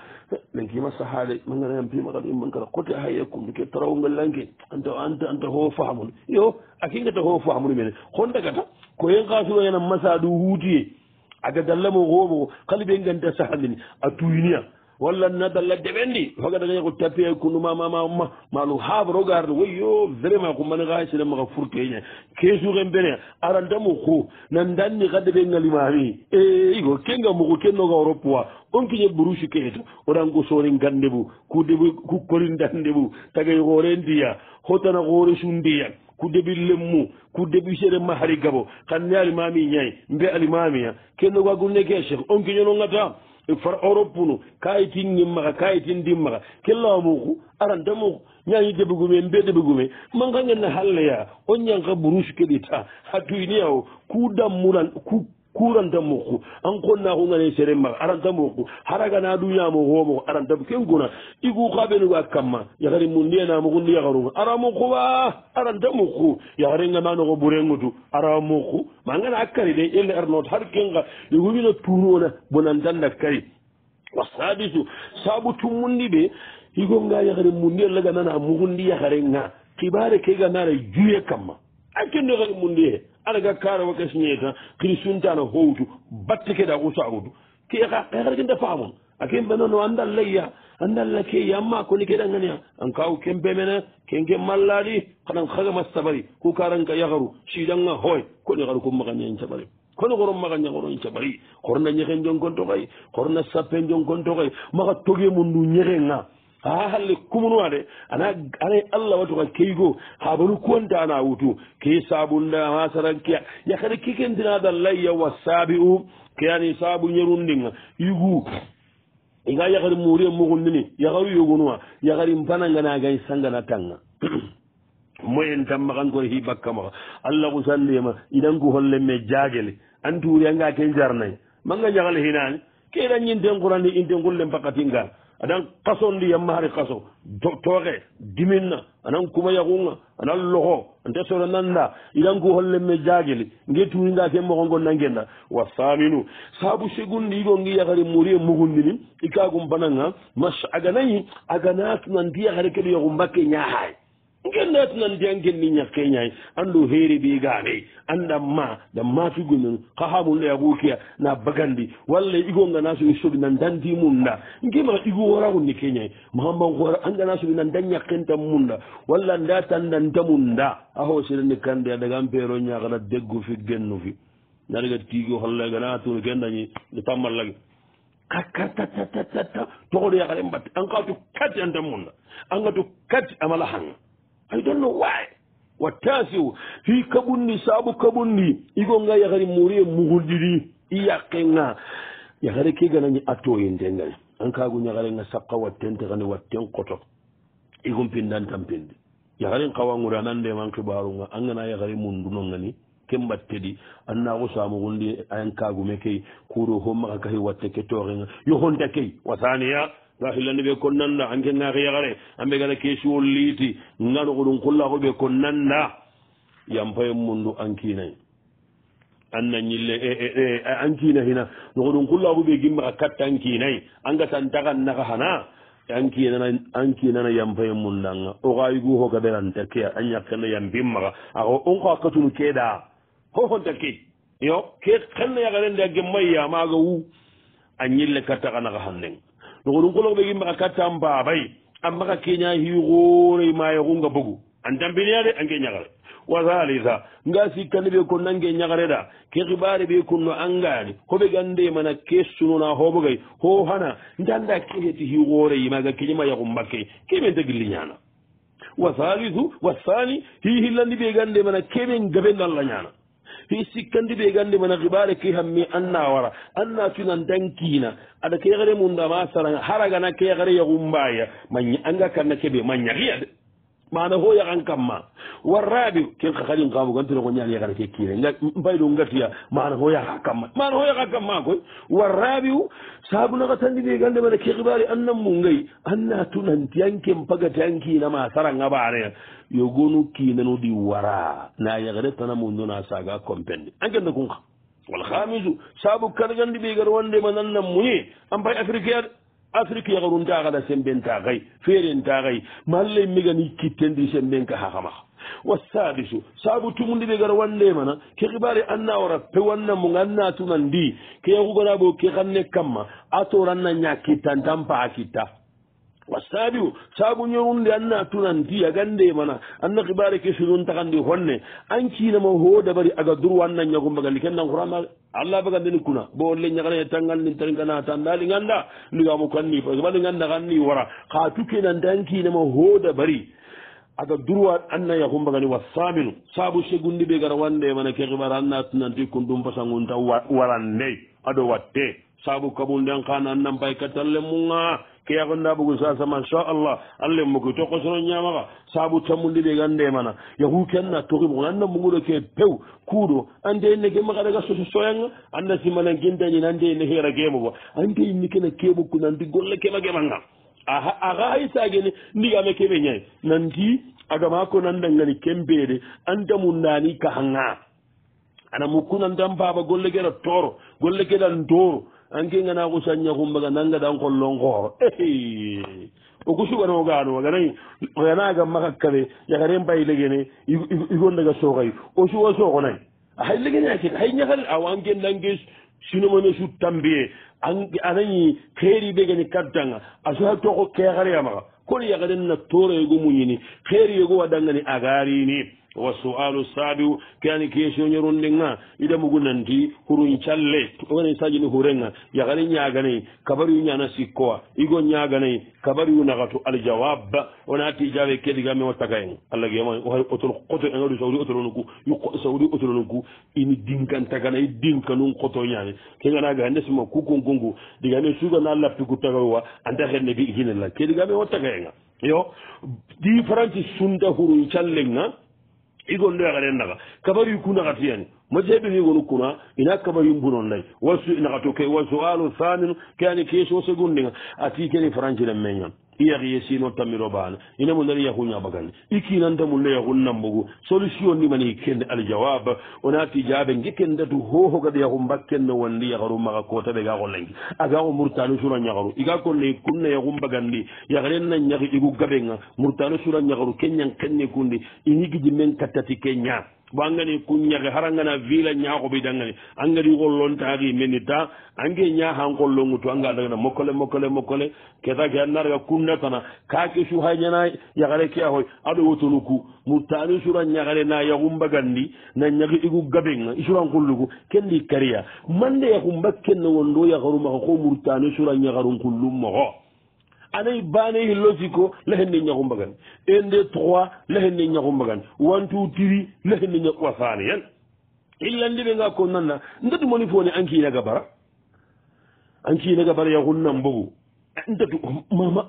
min kima sahaade maganayam bimakaɗum mankata cote haye kumde ke trawgallanke anta anta anta ho famun yo akingata ho famun mene hondagata ko hen kasuro hena masa ɗu huutiye aga dallamo homoko kala ɓe ganda sahandini a tuyiniya walla nadalla deɓendi fogadaaña ko tapi a e kunumamamama malum habrogarde wayo vraiment ko mane gasine maga furteña kesuken bene arantamu ku na danni kadeɓe ngalimami eyigo kengamuku kennogaoropoa on kiña brouse keeto oɗan ko sorin gandebu ku debu ku korin dandebu tagay e hoore ndiya hotana hoore sundiya ku debi lemmu ku debi seede mahari gabo kanne alimami ñayi mbe alimamia kennogagulne ke chekh on kiñonogata E far europeunu kayitin ñimmaxa kayitin dimmaxa kelawa muxu aranta muxu ñañi deɓugume mbe deɓugume manxa ngenna halleya o ñanxa brouche keɗita xa tuyniyao ku damulan kurantamoku an konnakungane serenma arantamoku haragana duyamo homo arantam kenguna igukaɓenuga kamma yakari mundiyanamukundi yakaru aramoku wa arantamoku yakaringamanoko burengutu aramoku mangana akari de ele arnot har kenga igumino tunona bonantanda kari wasabisu sabu tummundi ɓe igonga yakari mundi allagamana mukundi yakarenga kibare kegamara juye kamma akendo yakari mundiye ala ga kaara wa kasi ñee tan kirisuntaano howtu batte keɗa usaawudu ke xaxar kinta faamun a ken benono anndal layya anndal la keyi amma koni keɗanganiya an kaw ken bemene ken ken mallaaɗi xaɗan xagama sabari ku karanka yaxaru siidanga hoy koni xar ku maxaneen sabari kono xoro maxaña xoron cabari xorna ñexen jonkon toxoy xorna sappen jonkon toxoy maxa toge mu nu ñexenga ha halle kumunuwa de ana anayi e allah wato kan keyigo ha banu kuwanta ana wutu ke sabunda masarankiya yakhari kikentina dan layya wa sabi u keyani sabu nyerundinga igu iga yakhari muri e mugundini yakhari yugunuwa yakhari mpananga na gai sangana tanga moyen tan makan kore hi bakka maka allah kusandema idan ku holle me jagele antuuri anga ken jarnayi manga yakhali hinani keda nyinten kurandi inten kulle mpakatingala anan kaso ndi yammahari kaso toxe diminna anan kuma yaxunga anan loxo anta sora nanda idanku hollenme jageli nge turinga ke moxongo nangenna wasaminu sabu segundi ido ngi yaxari murie mugundinin i kagum bananga mas aganayi aganatunandi yaxari keɗo yaxumbakke ñaxaye gennaati nan ndiyan genni ñakke ñay anndu heere ɓi gaaɓey anndan ma dan maafigo nun ka haamum ɗo yaɓookiya na bagandi walla igonngana so issoɓi nan dandi munda ngima igo worawunni ke ñay mahamban hoora anndana soɓi nan da ñakkentan munda walla nda tandanta munda a hoosirani kandeya daga an peero ñakata deggo fi gennu fi nadaga tiigo hollaganaatun kendañi ne pammallagi kakkatatatatata togoɗo yakaren batte an kaatu kati antan munda an gatu kati amala hanga ay donno waay wattasiu hi kaɓundi saabu kaɓundi igonga yahari muriye muhulɗiɗi i yakkenga yahare keganañi attoyintengani e an kagu yaharenga sakka wattente hani watten koto igon pindantan pindi yaharen kawangure anan ndeman kibarunga an gana yahare mundunongani ken batteɗi annaku samugundi an kagume key kuuro homaga kahi watte ke toxenga yohonta key wasaniya rahilandi ɓe konnanda anke gaki yakare anɓe gata kesiwol liiti ngano koɗum kullako ɓe konnanda yampaye mundu ankinayi anna ñille e, e, e, ankina hina nokoɗum kullako ɓe gimmaka katta ankinayi anga santakan naka hana ankinana ankinana yampaye mundanga okayigu hoga ɓeranta ke a ñakkena yampimmaka ako on ko akkatun keɗa hohonta ke yo ke kenna yakarende a gemmayya maga wu a ñille katta kanaka hannen nogo ɗum kologo ɓegi maxa kattan babay ammaxa keña xiixoorey mayoxunga bogu an dambinea de ange ñaxare wasalisa nga sikkane ɓe kon nange ñaxareɗa ke xiɓare ɓe kon no angani hoɓe gandemana ke sunona hoɓogay ho xana njanda ke heti xiixoorey maga keña mayoxu mbakke kemen ta gilliñana wasalisu wasani xixillandi ɓe gandemana keɓe gaɓen allah ñana hi sikkandi ɓe gandi mana hibare ki hammi anna wara anna cunan dan kina aɗa kegre mum dama sara haragana kegre yagumbaya maña anga kanna keɓe mañahiya de mana hoyakan kamma warrabi ken kakadi kamugantino ko ñaali yakata kekkire mbaydo gatiya mana hoyaka kamma mana hoyaka kamma koy warrabi sabunaka tandini gande mana ke hibari annanmu gay anna tunanti anken pagati an kinama saranga baare yogonu kinanu di wara na yakre tanamundona saga compende ankenda kunka walhamisu sabu kanagandi ɓegar wandema nannanmuñi an bay africaire afrique yaxoruntaxana sembentaxay ferentaxay mallay megani kittendi semben ka haxamaxa wasadisu sabu tumundi ɓe gara wandemana ke xibari anna wara pewannamo anna tunandi ke yaxugarabo ke xanne kamma a toranna ña kittantan paa kitta wastaɗiu sabu ñorunde anna tunan di a gande mana anna kibare kesirun takandi honne an kinama ho dabari aga duru e anna ñagumbagandi kennan kurama allah bagandini kuna bo le ñaganaye tangandi tarigana tandali ganda ligamu kanni bali ganda kanni wara ka tukenante an kinama ho dabari aga durwa anna yakumbagani wasaminu sabu segundi ɓe gara wande mana ke kibara anna tunanti kundum pasagunta warandey aɗo watte sabu kabunde an kana annan bay kattallemuga keyako ndaɓugu sa sama inchallah allah mogi to kosono ñamaka sabu tammundi ɓe gandemana yahu kenna tohimo anna muguɗo ke pew kuuɗo ande neke makaɗaga soso soyanga anda simalen kindañin ande nekera kemoba ande nikena keɓokku nandi golle keɓa keɓanga aha haytagene ndigame keɓe ñayi nandi agama ko nandangani kembeɗe anda mundani kahanga ana mukku nandan baba golle geɗa toro golle geɗa doro an kengana kusanña kumbaga nanga dan kollon koro o kusuganoo ganoa ganayi yana gamma kakkabe yakaren bayilegene igondaga sokayi o suwa sokonayi ahaylegeneake hayñakal aw an ken dange sinomone suttambiye anayi keri begene kaddanga asuha toko kekareyamaga kono yakaren na toroyego muñini keriyego wadangani agarini wa sualu sabiu keani question yorundinga ida mugu nanti hurun calle wani sajini hurenga yagani ñaganayi kabariu ñana sikkowa igo ñaganayi kabariu nagatu aljawab wonati jawe kedigame wattakaen allah gema ohay otol koto en adu saudi otolonuku yu saudi otolonuku ini dinkantaganayi dinkanun koto ñane kenganagahandesima kukonkongu digame sugana lappiku tagawwa anta henne bi hinella kedigame wattakaenga yo difaranti sunda hurun callenga igondoyaxaren naxa kabaru ku naxatiyani ma jeɓexigonu kuna ina kabaru mbunon lay wasu naxatu ke wa sualu thanin ke ani question segondenga ati keni farancilen meñon iyaxiye sino tamiro baana ina mu ndani yaxu ñabagandi i kinanta mulle yaxu nambugu solution ni mani kende aljawab onati jaabe nge kendatu hoohogad yaxu mbakkenna wandi yaxaru maxa koota ɓega xolengi agaxo murtano sura ñaxaru iga kolle kunna yaxu mbagandi yaxarenna ñaxi igu gabenga murtano sura ñaxaru ke ñang kenne kundi ini gijimen kattati ke ñaa bo angani kunyaxe hara ngana vila ñaxoɓe dangani angadi xollontaxi meni ta ange ñaxan qollonŋutu anga dagana mokole mokole mokole keta ke annaraga kunnatana ka ke su hayñana yaxare ke axoy aɗo wotoluku mu tani sura ñaxare na yaxumbagandi na ñaxi igu gabenga i suran kulluku kendi kariya mande yaxumba kenne wondo yaxarumaxa xo mur tani sura ñaxarun kullum moxo aday baane hillosiko lahenni ñaku mbagan ende trois lahenni ñaku mbagan wantu tiri lahenni ñaku wasaani yen illandi ɓe nga ko nanna ndatu moni fooni ankiinaga bara ankiinaga bara yahun nan mbogu ndatu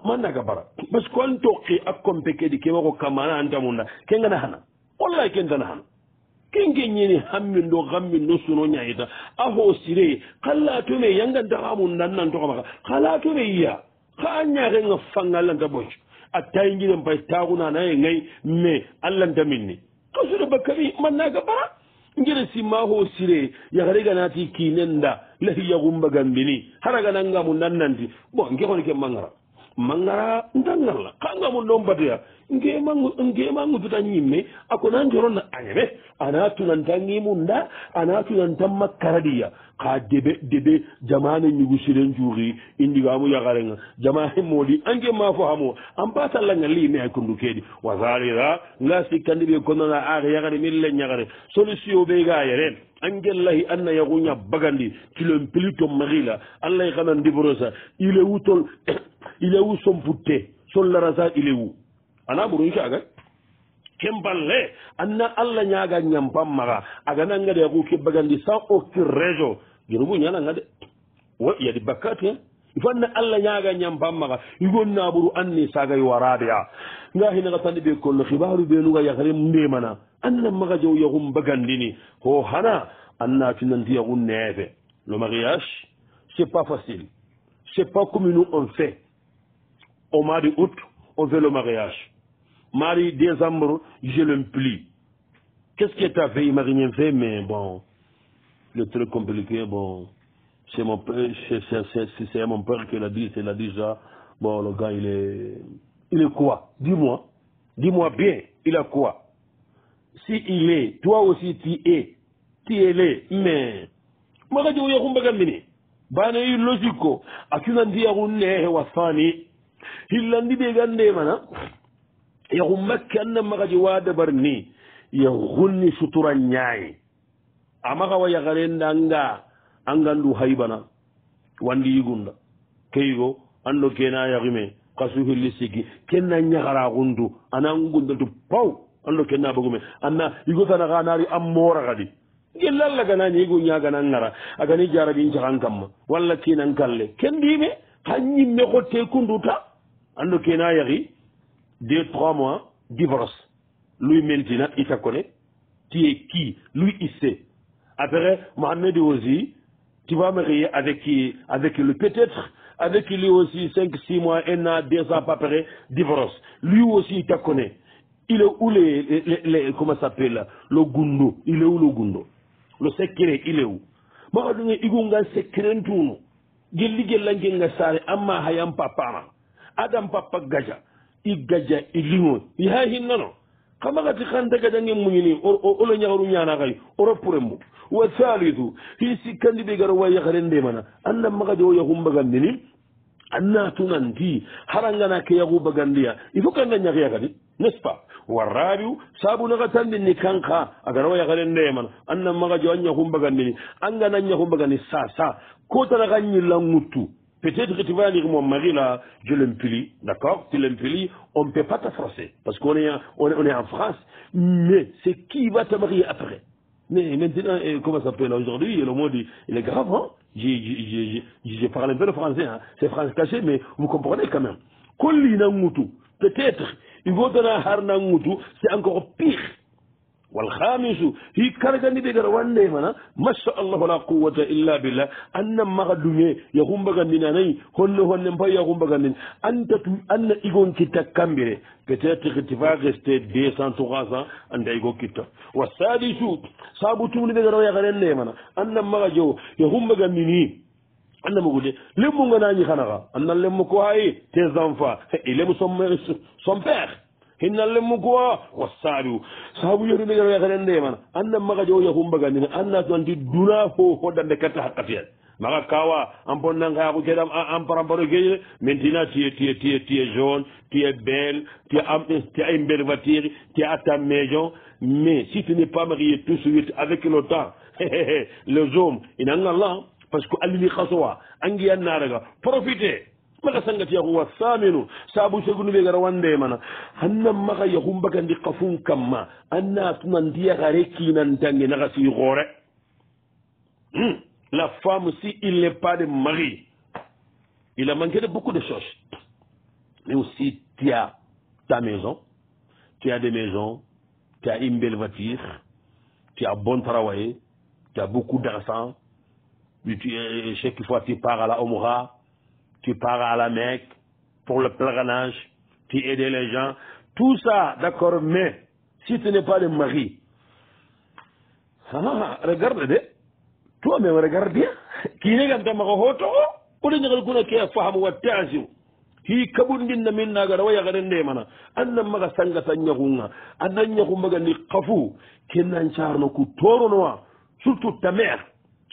mannaga bara parce que an tokki a compe kedi ke wako kammana antamunda ke ngana hana wallayi kentana hana kenke ñini hammin ɗo hammin ɗo suno ñayita a hoo sire kallatome yanganta hamu nannan toxa maka kalatome yiya haa ñaakenga fanga allanta ɓoc a tayngiren pay taakunanaye ngay mais allanta min ni kasuɗo bakkami mannaaga bara ngere si maho sire yakareganati kiinen da lahiyagumbagambini haraganangamu nannanti bon nge xon ke mangara mangara ndangarla kaangamu ɗon batuya ngemangututa yimme akonan jorona añeme ana tunanta ngimunda ana tunanta makkaradiya ka debe debe jamane ñugu siren juuxi indigamu yakarenga jamane moodi angema fo hamo an patallanga lime a kundu kedi wazalira nga sikkandi ɓe konnana ari yakari min len yakare solution ɓe ga yeren angellahi anna yaguña bagandi tilon pilito maxila allahy xana ndibrosa ilewu tol ilewu somputte sollarasa ilewu ana ɓuru ke aga ken balle anna allah ñaga ñampan maxa aga nanga de aku kebagandi sans aucun raison jurubu ñananga de wa yadi bakkati eh? il faut anna allah ñaga ñampan maxa igonna ɓuru anni sagay waradea nga hinaxa tanni ɓe kolno xibaru ɓenunga yakre ndemana anna maxa jaw yaxun bagandini ho xana anna cunanti yaxun neefe le mariage c'est pas facile c'est pas commune on fait au mois de out on fait le mariage Marie, décembre, je plie. Qu'est-ce que tu as fait Il m'a rien fait, mais bon, le truc compliqué, bon, c'est mon père, c'est mon père qui l'a dit, c'est l'a déjà. Bon, le gars, il est. Il est quoi Dis-moi. Dis-moi bien, il a quoi Si il est, toi aussi tu es. Tu es là, mais. Moi, il uya kumbaga mini. Bana une logico. Akuna ndiya unne wasani. Hilandi de gande logique. yahu makke anna magaji wadabar ni yahunni sutura ñaayi amagawa yagarenda anga angandu haybana wandi yigunda keyigo ando kena yagime kasu hilli sigi kenna ñagaragundu anangundatu paw ando kenna bagume anna yigotana ganari an mora gadi gillalla ganani yigo ñaganan ngara agani jaragin cagan kamma walla kinan kalle kendime ha ñimme xotte kunduta ando kena yagi deux trois mois divorce lui maintenant il te connaît tu es qui lui il sait après Mohamed Ozi, tu vas marier avec avec lui peut-être avec lui aussi cinq, six mois un an deux ans pas divorce lui aussi il te connaît il est où les, comment s'appelle le gundo il est où le gundo le secret il est où il Il secret Il est adam papa gaja igaja iliŋo iha hinnono kamagati kandagadange muñini olo ñaharu ñanakayi oropuremu wa thalithu hisikkandi ɓegara wa yakarendemana anna magaja wo yahumbagandini annatunanti harangana ke yahubagandiya il faut kanga ñakiya kadi nest ce pas warrabiu sabunakatandinni kanka agana wa yakarendemana anna magaja an ñahumbagandini angana ñahumbagandi sasa kotanakan ñilla ŋuttu Peut-être que tu vas dire, mon mari là, je l'impulie, d'accord Tu l'impulies, on ne peut pas t'affronter, parce qu'on est, on, on est en France, mais c'est qui va te marier après mais maintenant, euh, comment ça s'appelle aujourd'hui Le mot il est grave, hein je, je, parle un peu le français, hein c'est français caché, mais vous comprenez quand même. Peut-être, c'est encore pire والخامس هي كرجة نبيجر واندي منا ما شاء الله لا قوة إلا بالله أن ما قدني يهون بعندنا ناي هن هن نبي يهون بعندنا أنت أن إيجون كيتا كامبير كتير تكتفا قست ديسان تغازا أن ديجو كيتا والسادس سابو توم نبيجر ويا غرين أن ما جو يهون بعندنا أنا مقولة لم يكن أني أن لم يكن تزامفا إلهم سمير سمير hinnalle mukuwa wassaru saabu yotuneyaren ndemana anna maga jo yahu mbagandina anna tonti duna fo hoddande katta haqqa fiyan maga kawa amponnankaku kedam amparamparo geñe mintina tiye tiye tiye tiye jaune tiye bel tiye am tiye ay mbervatiri tiye attam maison mais si tu n'est pas marié tout suite avec le temps le zome inangalla par ce que alini kasowa angiyannaraga profiter la femme aussi il n'est pas de mari il a manqué de beaucoup de choses mais aussi tu as ta maison tu as des maisons tu as une belle voiture tu as bon travail tu as beaucoup d'argent chaque fois tu pars à la Omora tu pars à la Mecque pour le pèlerinage, tu aides les gens. Tout ça, d'accord, mais si tu n'es pas le mari, ah, regarde, toi-même regarde bien. Qui n'est pas le hoto, ou ne nirguna qui a faham ou tazio. Hi kabundin na minna ga waya garin ne mana annan maga sanga sanya hunga annan ya kuma ga ni qafu kinnan charno ku toro noa surtout ta mère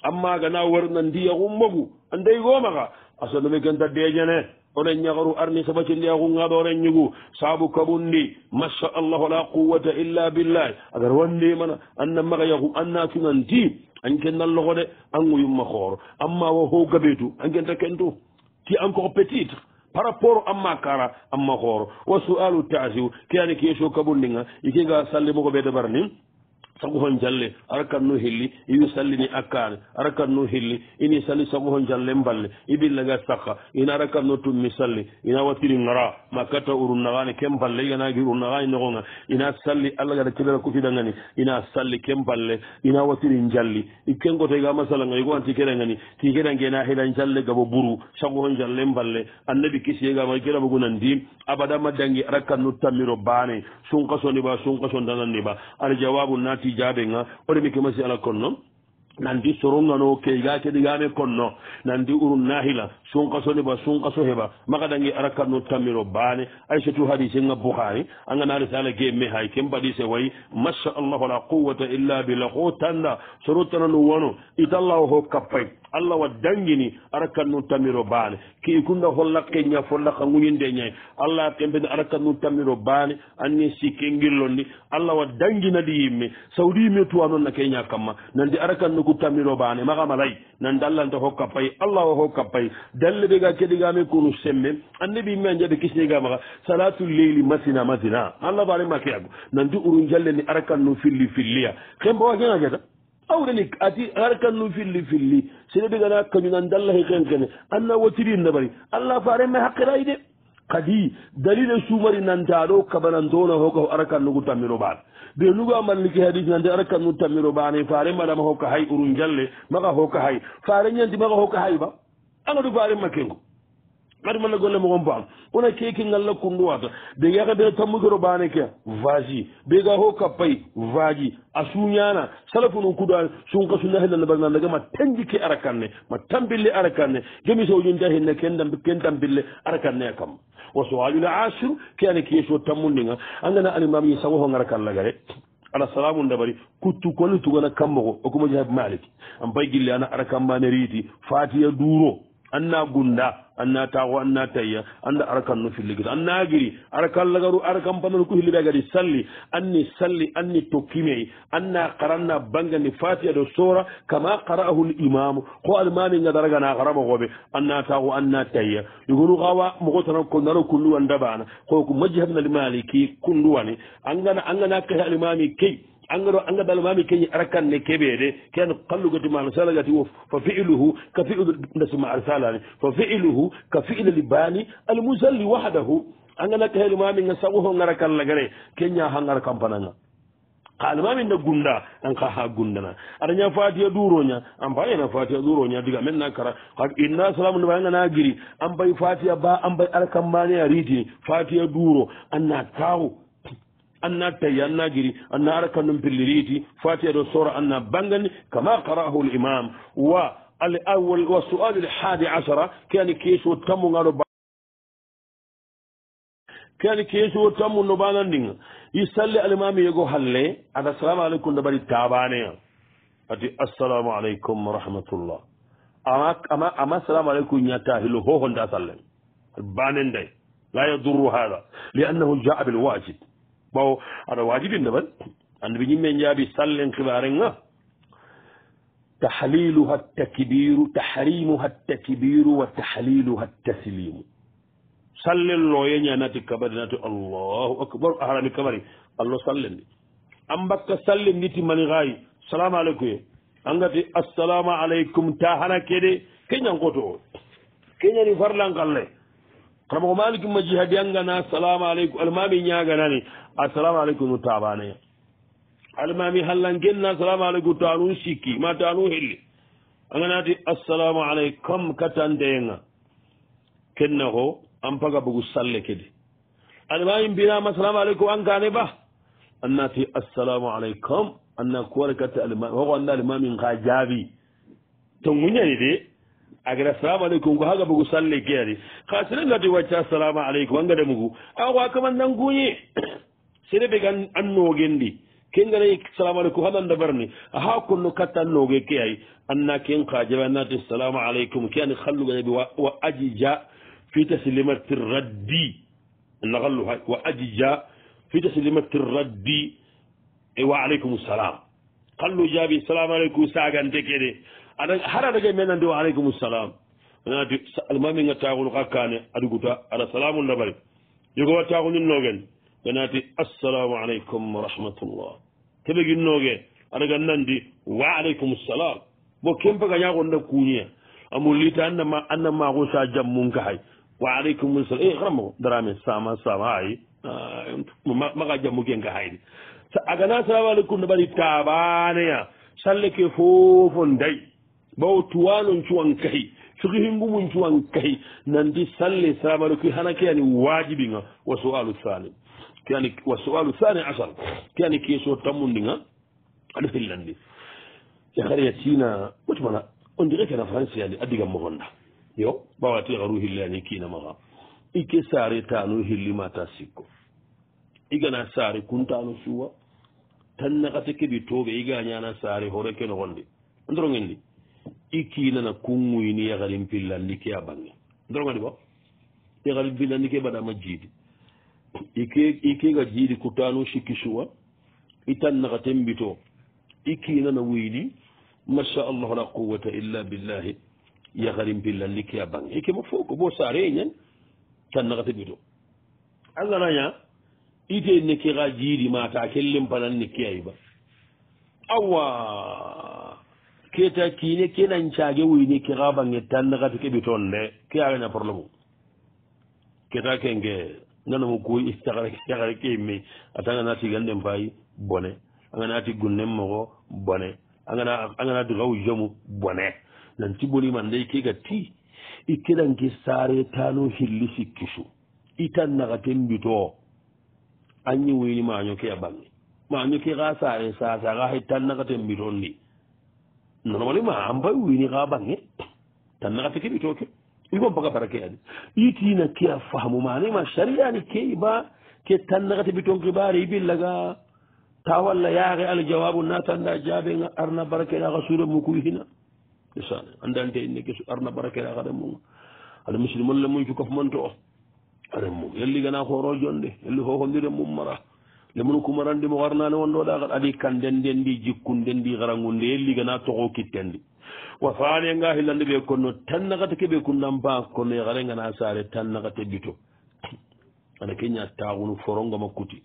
amma ga na nan diya ummu andai goma ga asanomi genta deñene ona ñagaru arni sabacindiyaku ŋadore ñugu sabu kabundi macha allahu la quwata illa billahi agar wandi mana anna magayaku anna finanti anken nallogo de anguyumma xooro amma wo ho gabetu ankenta kentu ti encore petite par rapport amma kara amma xooro wa sualu tasiw keani kiyeso kabundinga ikega sallimogo ɓete barni sagohon jalle arakan no helli ewi sallini akkane arakan no helli ini salli sagohon jalle balle ibillaga sakka ina arakan no tummi salli ina watiri ngara ma katta urunnagani ken balle iganagi urunnagani nogoga ina salli allah gada kilara kufidagani ina salli ken balle ina watiri jalli ken goto ga masalaga igoan tikedagani tikedagena hela jalle gabo buru sagohon jalle balle annabi kisiyegama kiraɓogunandi abada madangi arakan no tammiro bane sunkasoniba sunkasodananiba aljawabu nati ti jaabe ŋa ode mi kemasi ala kon no nandi soroŋano keyga keɗigame kon no nandi urun nahila sunkaso neba sunkaso heɓa makadangi arakanno tammiro baane aissatu hadise ŋa bouhari angana risala gemme hay ken mbaɗise wayi masha allahu la quwata illa bila ho tanda soro tananu wano itallaho ho kappay allah wa dangini arakan nu tamiro baane ki ikunda hollakke ña follaka nguñinde ñayi allah kempene arakan nu tamiro baane anni sikke ngillondi allah wa danginadi yimme sawdi yimme tuwanon na keña kamma nandi arakan nu ku tamiro baane maxamalay nandi allah nta hokka payi allah wa hokka payi dalle ɓega keɗigame kunu semme annabi yimme a njaɓe kisnigamaxa salatu leyli masina masina allah balemakeyago nandi urun jalle ni arakan nu filli filliya xembawakenga ketta awreni ati harkannu filli filli sene ɓe gana kañuna ndallahe ken kene anna watiri nabari allah faremma haqiray de kadi dalile sumari nanta ɗo kabanantona hoka ho arakannugu tammiro ɓaan ɓe nugu a malliki hadis nande arakannu tammiro ɓaane fare maɗama hoka hay urun jalle maga hoka hay fare ñanti maga hoka hay ba anadu faremma kengo ɓati mana golle mogon paam wona keke ngalla kunduwata de yakadere tammukero bane ke vaji bega ho kappay vaji a suñana salafunu kudani sunka sunna hellana barnandage ma tenjike arakanne ma tambille arakanne gemi sowjunta hinne ken tambille arakanneya kam wa sowajule asiru ke ane keso tammundinga angana animam ye sawoho ngarakanlagare alasalamu dabari kuttu kolli tugana kammogo okomajahab malik an bay gilli ana arakambane riiti fatiya duro anna gunda anna taxo anna tayya anda arakanno filligita anna giri arakan lagaru arakan pananu ku hilliɓe gadi salli anni salli anni tokkimey anna qaranna bangani fatiha do sora kama qara'ahu limamu ko almaminga daragana xaramoxoɓe anna taxo anna tayya yogonu xawa moxo tana kondano kunduwan dabana ko majhabna almaliki kunduwani angana angana kehe alimami key angaro anga dal mami keñi arakanne keɓede ken kallugatimano salagati wo fa filuhu ka filu ndasuma arsalani fa filuhu ka fila li bani almusalli wahdahu anganakka hel mami ga sagoho garakallagare keña ha gara kampananga kaal mami na gunda an ka ha gundana aɗa ña fatiya duroña ampayena fatiya duroña diga men na kara ka inna salamu nebaangana giri an bay fatiya ba an bay arakammane a ritini fatiya duro an na kawu anna tayi anna giri anna ara kannum pilliriti fatiha ɗo sora anna bangani kama qara'ahu l imam wa al awal wa sualu l hadi asara keani keeso tammugaɗo kani keesuwo tammu no banandinga i salli alimami yego halle ada salamu aleykum nda bari tabaneya ati assalamu aleykum warahmatullah ama ama ama salamu aleykum ñatta hilo hohonda sallen banen day la yadurru hada liannahu jaa bilwajib bawo aɗa waji dindaman andi ɓe yimɓe jaabi sallen kibaren nga tahlilu hatta kibiru tahrimu hatta kibiru wa tahlilu hatta silimu sallen loyeña nati kabari nati allahu acbar a harami kabari allah sallen ndi an bakka sallen nditi mani hayi salamu aleykum ye angati assalamu aleykum ta hana keɗe keñankoto o keñani farlankallaye kala mako maliki ma jihadiyangana assalamu aleykum almami ñaganani assalamu aleykum nu tabanaya almami hallangenna assalamu aleykum tanu sikki ma tanu helli aganati assalamu aleykum katandeyenga kenna ko an paga bugu salle kedi almami mbinama assalamu aleykum an kane ba annati assalamu aleykum anna kuwara katta alma hoko anda almami ha jaabi to guñani de agira assalamu aleykum ko haga mugu salle geere kasire gadi wacca assalamu aleykum angade mugu awa kama nanguñi sereɓe gan annogendi ke garay salamu aleykum ha nanda barni aha konno katta annoge ke ay anna ken kajaɓe annati assalamu aleykum ke ani halluganaɓe wa ajija fitasilimati raddi anna hallu hay wa ajija fitasilimati raddi e wa aleykum salam hallu jaabi salamu aleykum sagante keɗe hara daga menande wa aleykum salam onati almaminga taxunu xa kane aduguta aɗa salamu labari yogowa taxuninnogen ganati assalamu aleykum wa rahmatullah keɓe ginnoge aɗaga nandi wa aleykum salam bo kempaga ñagonda kuñiya amo lita annama annamaxu sa jammun ka hay wa aleykum salam e xaramago darame sama sama ay maxa jammu ken ka haydi agana salamu aleykum naɓari tabaneya salle ke fofon day bawo tuwanon cuwan kahi sugi hingumun cuwan kahi nanti salle samaro ki hana ke ani wajibinga wa sualu sani kani wa sualu sani asal kani keso tammundinga ada fillandi ya khari ya china mutmana on dirait kana france yani adiga mohonda yo bawa tira ruhi lani kina maga ike sare tanu hillima ta sikko igana sare kuntano suwa tan na kata kebi tobe igana yana sare horeke no gonde ndoro ngendi i kiinana kunŋuyini yaharin pillandi ke a baŋe ndorogandi bo yaharin pillandi ke badama jiidi i kega jiidi kutanu sikki suwa i tan nakaten bito i kiinana wuyini masa allahu la quwata illa billahi yaharin pillandi ke a baŋe i kema foko bo sare e ñen tan nakate bito a ganaña ite ne ke ga jiidi mata kellen pananni ke ayba awa keta kine ke nancage wuyine ke xa bange tannaxati ke ɓiton de ke yaxe na problème keta kenke nganamu ku yaxare ke yimme ata ngana tigan den fayi bone a ngana ti gunnen moxo bone a ngana duxawu jomu bone nanti bonimandei ke ga ti i kedanke sare tano hilli sikkisu i tannaxaten ɓito a ñi wuyini maño ke a bange maño ke xa sare sasa xa xe tannaxaten ɓitondi nono mani ma amba wini ka bange tan naka fi keɓi toke igon baga barake ani itina kea famu mani ma sharia ni ke ba ke tan naka teɓi ton kibari ibillaga ta walla yaake ala jawabu natanda jaabe nga arna barakeɗaka suure muku hina isane e andante neke arna barakeɗaka ɗe muga ada muslimon le mum cukafmanto o aɗen mum yalligana koro jonde yalli fofodiren mum mara lemunu kumarandi mo warnani wondo ɗagal adi kan denden ndi jikkunde ndi garangu nde yelligana toxo kittendi wa fani nga hillande ɓe konno tan nagata keɓe kunnan ba kono e xarengana sare tan nagate bito ana keña taxunu forongama kuti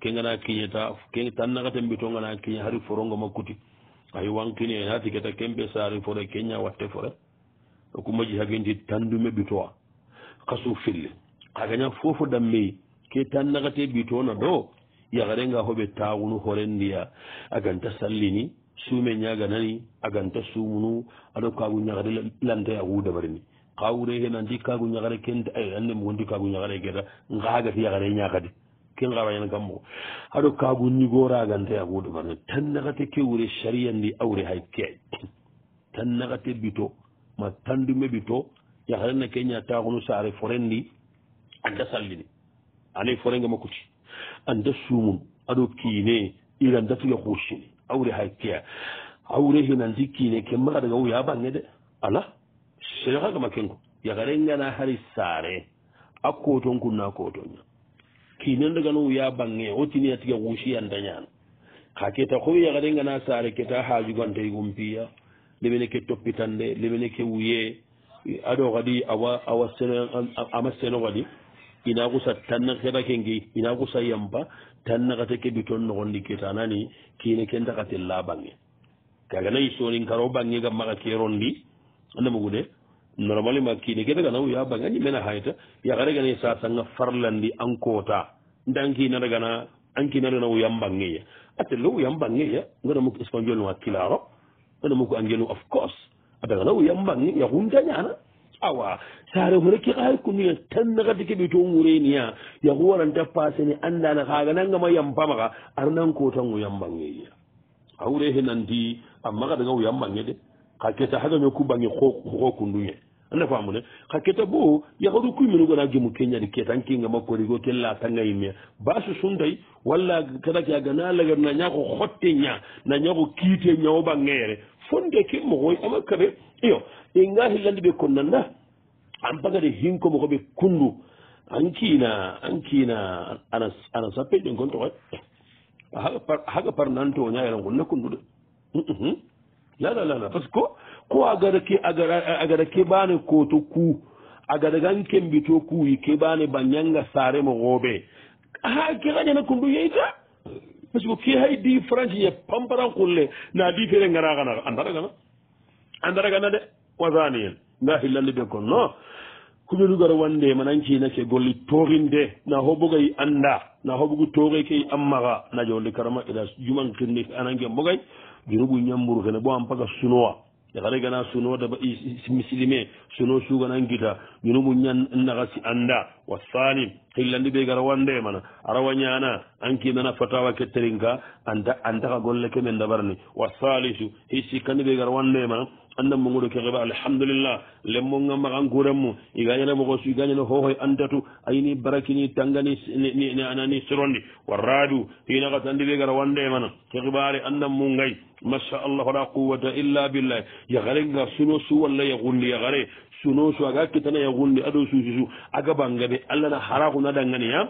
kengana kiñeta ke tan nagaten bito ngana kiña hari forongama kuti ayi wankine ha tigeta kemɓe sare fore keña watte fore o e kumaji hagenti tandume bitowa kasu filli xagaña fofo dammeyi ke tan nagate bitona do yagarenga hoɓe tawunu horendiya aganta sallini sume ñaganani aganta sumunu aɗo kagu ñagare lanta a wudabarini kawure hen andi kagu ñagare kente ay ande mo gondi kagu ñagare keta ngagati yagare ñakade ken gawayen kammo aɗo kagu nigora aganta a wudabarini tan nagate kewure saria ndi awre hay kee tan nagate bito ma tandume bito yagarenna keña tawunu saare forendi anda sallini ane forenge makkuti anda sumun aɗo kiine irandatuya hushini aure ha keya aure hinandi kiine ke maga daga wuya bange de ala seyahagama kengo yagarengana hari saare a koton kunna kotoya kiine dagana wuya bange otini atiga hushi yandañano ha keta howi yagarengana saare keta hajugantay gumpiya lemene ke toppitande lemene ke wuye aɗo gadi awa awa sen ama seno gadi ina kusa tannaka keta kenge ina kusa yampa tannakate kebi ton nogondi keta nani kine kentakate la bange kaga na isoni nkaro bange gammaka kerondi andamugude normalema kine kete gana uya bange animena hayta yakare gana sasanga farlandi ankota ndankinaragana ankinaragana uyam bangeya ate lo uyam bangeya ngana muk espagnol wa kilaro ngana muk angelu of course ata gana uyam bange yakuntanyana awa saare fo reki hay kuniya tannakati keɓe to wureniya yahu waranta paseni andana haga nangama yampamaka ar nankotan uyambangeya awure he nanti amma kadaga uyambange de ka keta hagame ku bange hokundue ho anafamune xa keta bo yaxaru kuymenu gona gemu keñadi ketan kingama korigo ke latanga yimme base sunday walla kata ke a gana lagar na ñaxo xotte ña na ñaxo kiite ñawo ba ngeere fonde ke moxoy ama kabe iyo e nga xillandi ɓe konnanda an pagade hinko moxo ɓe kundu ankina ankina ana sappe ɗen kon toxoy haga par nantoñayeranko na kunduɗe la la la la parce que ko a gara kebane koto ku a gara gan kembito kuyi kebane banyanga sare mo gobe ha ke gane na kundu yeita parce que ke hay di france ye pamparan kulle na di fere ngara gana andara gana andara gana de wazani en na hillande be kon no kuje du gara wande mananci na ke golli torinde na hobugay anda na hobugu toge ke amaga na jolli karama ila juman kinde anange mbugay jurubu nyamburu kene bo am paga sunowa yakare gana suno daba musilime suno suganan gita minumu ñan nagasi anda wa salim xillandi ɓe gara wande mana arawa ñana anki nana fatawa ke terinka anda antaka golle ke men dabarani wa salisu hisikkandi ɓe gara wande mana anda mungudu ke alhamdulillah lemmo ngamma kan guramu iganya mo gosu iganya no hohoy andatu ayini barakini tangani ni ni anani sirondi waradu hina ka tandi be gara wande mana ke gibare anda mungai masha Allah la quwwata illa billah ya garenga suno su la ya gundi ya gare suno su aga kitana ya gundi adu su su aga Allah na haraku na dangani ya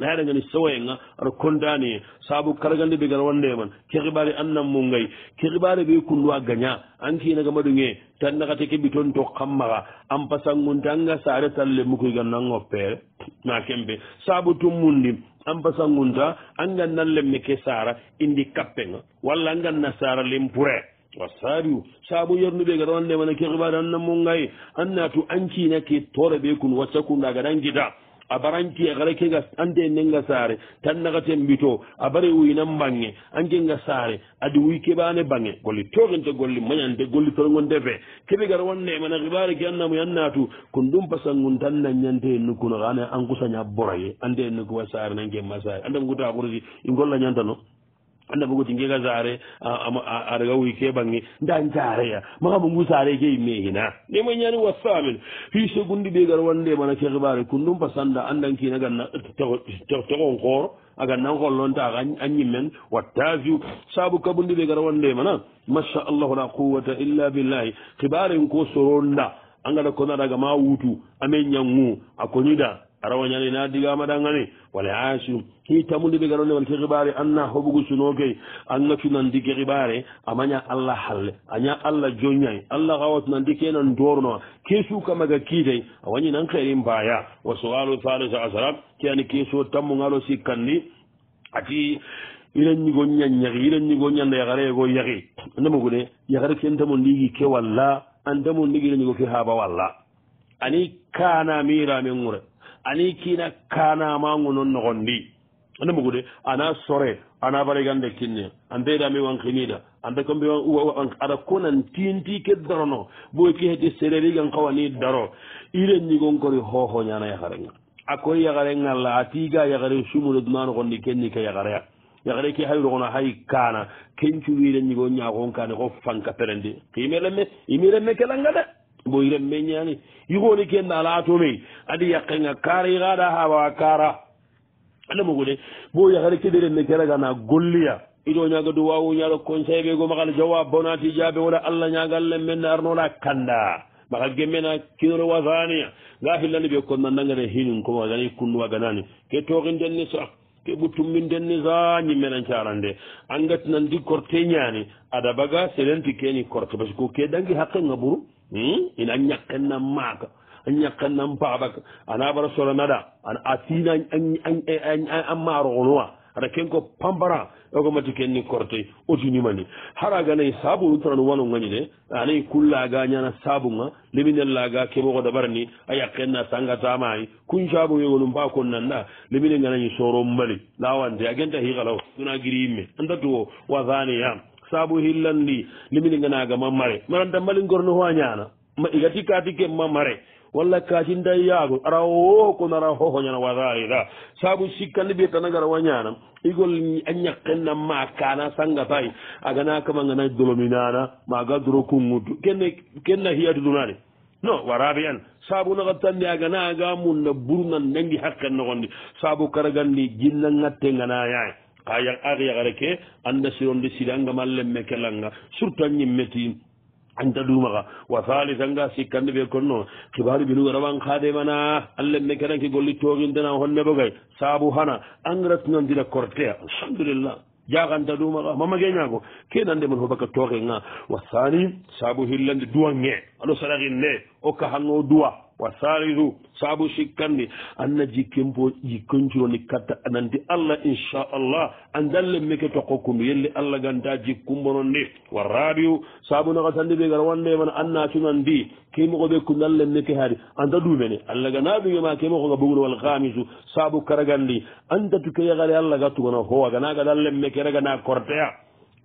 nayaɗagani sawayenga aɗa condane saabu kala gande ɓe gara wande man kexiɓari annan mungay kexiɓari ɓe kundu a gaña an kinaga maɗunge tan naxate keɓi toon to xammaxa an pasangguntanga sare talle mukuyganan goppere na kempe saabu tummundi an pasangunta an ganna lemme ke sara indi kappenga walla an ganna sara lempure wasabi saabu yernuɓe gara wande mana kexiɓari annan mungay an natu an kina ke toore ɓe kun wasa kundaga ɗan kita a baranti a gara kega ante nenga saare tan nagaten mbito a bare wuyinan bange ankenga saare adi wuyi keɓane bange golli toxinte golli mañante golli torgonte fe keɓe gara wanne mana xibaare ke annamu yannatu kon ɗum pasangun tan nañante en nukkunoxa ane an kusaña boraye ante en nukkuwa saare nanke ma saare andam ngutaa xurisi i ngolla ñantano andabogoti ngega sare aɗaga wuy ke bangge dan sareya maka bo ngu sare ke yimme hina nde ma ñani wassamen hise gundi ɓe gar wande mana ke xibare kun ɗum pasanda andan kina ganna tegon koor a gannan xollontaxa a ñimmen wattafiu sabu kabundi ɓe gar wande mana masha allahu la quwata illa billahi xibaren ko soronda a ngata konaɗaga ma wutu ame ñangu a koñida arawañani na digamaɗangani wala asu hi tamudi ɓegaɗone wal ke xiɓare anna hoɓugu sunoke anna cunandi ke xiɓare amaña allah halle aña allah joñay allah xawatunandi kenan dorunowa ke sukamaga kiitay awañi nan xeeri mbaya wa sual falisa asara ke ani keso tammugalo sikkandi ati ina ñigo ñañaxi ina ñigo ñanda yaxare yego yaxi andamugune yaxare kentamundigi ke walla andamundigi ina ñigo ke haba walla ani kana mirame ŋure ani kina kanama ŋo non nogondi ana mugude ana sore ana barigande kinne ante dami wankinida ante kombe ada konan tinti ke darono boy ki heti sereri gan kawani daro iren nigon kori hoho nyana ya garenga ako ya garenga la atiga ya gare shumu le dumano gonni kenni ke ya garea ya gare ki hayro gona hay kana kenchu wiren nigon nya gon kane ko fanka perende kimeleme imireme ke langada boy remmeñani yigoni kenna alatomey adi yakkenga kara yigaɗa hawawa kara ala mogo de bo yakare kederenne keregana golliya ido ñaga du wawu ñaɗo conseil ɓe go makal jawa bonati jaɓe wala allah ñagalle menne arnoɗa kanda maka gemmena kinore wasania ga fillani ɓe konna nangane hinin koma gani kunnuwa ganani ke toxindenni sa ke ɓuttumminɗenni sa ñimmenan caran de angatinandi korte ñani adabaga selenti keni korte parce que ke dangi hakkenga ɓuru Hmm? ina ñakken nan maaka a ñakken nan paɓaka ana bara sora nada a tina a maroonowa aɗa ken ko pambara ogomati ken ni korte otinimani hara ganayi e sabulu tarani wanogani de anayi e kullaga ñana sabuga liminellaga keɓoxo daɓarani a yakken na sangatamayi kun sabu yegonu mba kon nanda limine ganayi soro mbali lawante a genta xiixalao una giri yimme antatuwo wasaneyam saabu hillanndi liminiganaaga mamare maran dambalin gorno ho a ñaana igati kaatike mamare walla kaacinda yaago ara wooho ko nara hohoñana wadalika saabu sikkandi ɓiye tanagara wa ñaana igol a ñakkenna ma kana sangatay agana kama ngana dolominaana maga duro kunŋuddu kenne kenna hiyatudunani no warabi an saabu nakattandi aganaaga munna buru nandangi hakke nogondi saabu karagandi jinna ŋatte ngana yaay kayak akyakare ke anda sironde sidangamallemme kelanga surtout an ñimmetin anta dumaka wa halisanga sikkande ɓe konno kibaru binuga rawan kademana allemme kenanke golli toguindena honne bogay sabu hana angratinandira corte alhamdulillah jakanta dumaka mamageñako kenande mon hobaka toke nga wa sani sabu hillande duwange aɗo saɗakinne okka hanno duwa وثالث صعب شكاني أن جيكم بو جيكم جوني كتا أنندي الله إن شاء الله أن دل ميك تقوكم يلي الله غندا جيكم بنا نيف والرابع صعب نغساندي بيغر وان ليمان أن ناشو نندي كيمو غو بيكم دل ميك هاري أن دلو مني الله غنا بيما كيمو غو بغر والغامس صعب كرغاندي أن دتو كي يغالي الله غتو غنا هو غنا دل ميك رغنا كورتيا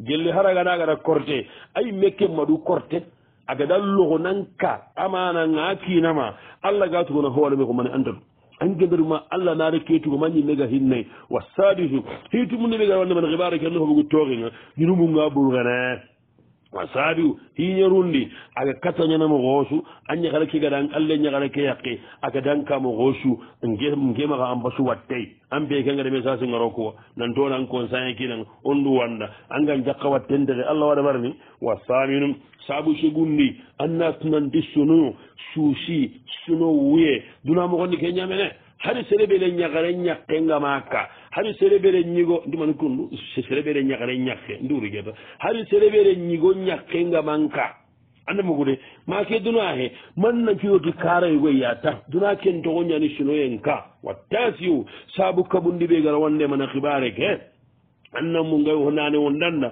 جلي هرغنا غنا كورتي أي ميك مدو كورتي agada logo nanka amana ga kinama allah gatugona hoolemi ko mane andal angedarma allah nare ketugo ma ñimmega hinnayi wa sadisu hitumunemegawandeman hibara kenno hoɓogu tooge ga ñinumu ga ɓurgene ma saabiu hiñerundi aga katañanamo xoosu a ñaxara ke gadan alle ñaxara ke yaqi aga dankamo xoosu ngemaxa an basu wattey an beke nga deme sasingaro kuwa nantona an consaye kinan ondu wanda angan jaqa wattentexe allah waɗamarani wa saminum saabu segundi anna tunanti sunu suusi suno wuye dunamoxondi ke ñamene hade sereɓele ñaxare ñaqe ngamaka hami sereɓere ñigo ndimani kundu sereɓere ñakre ñakke nduru jeta hami sereɓere ñigo ñakke ngamanka anda mogude ma ke duna he man na fiyoti karay goy ya ta duna ken to onyani shino en ka wattasi sabu kabundi be gar wande mana khibare ke anna mun gay honane wondanna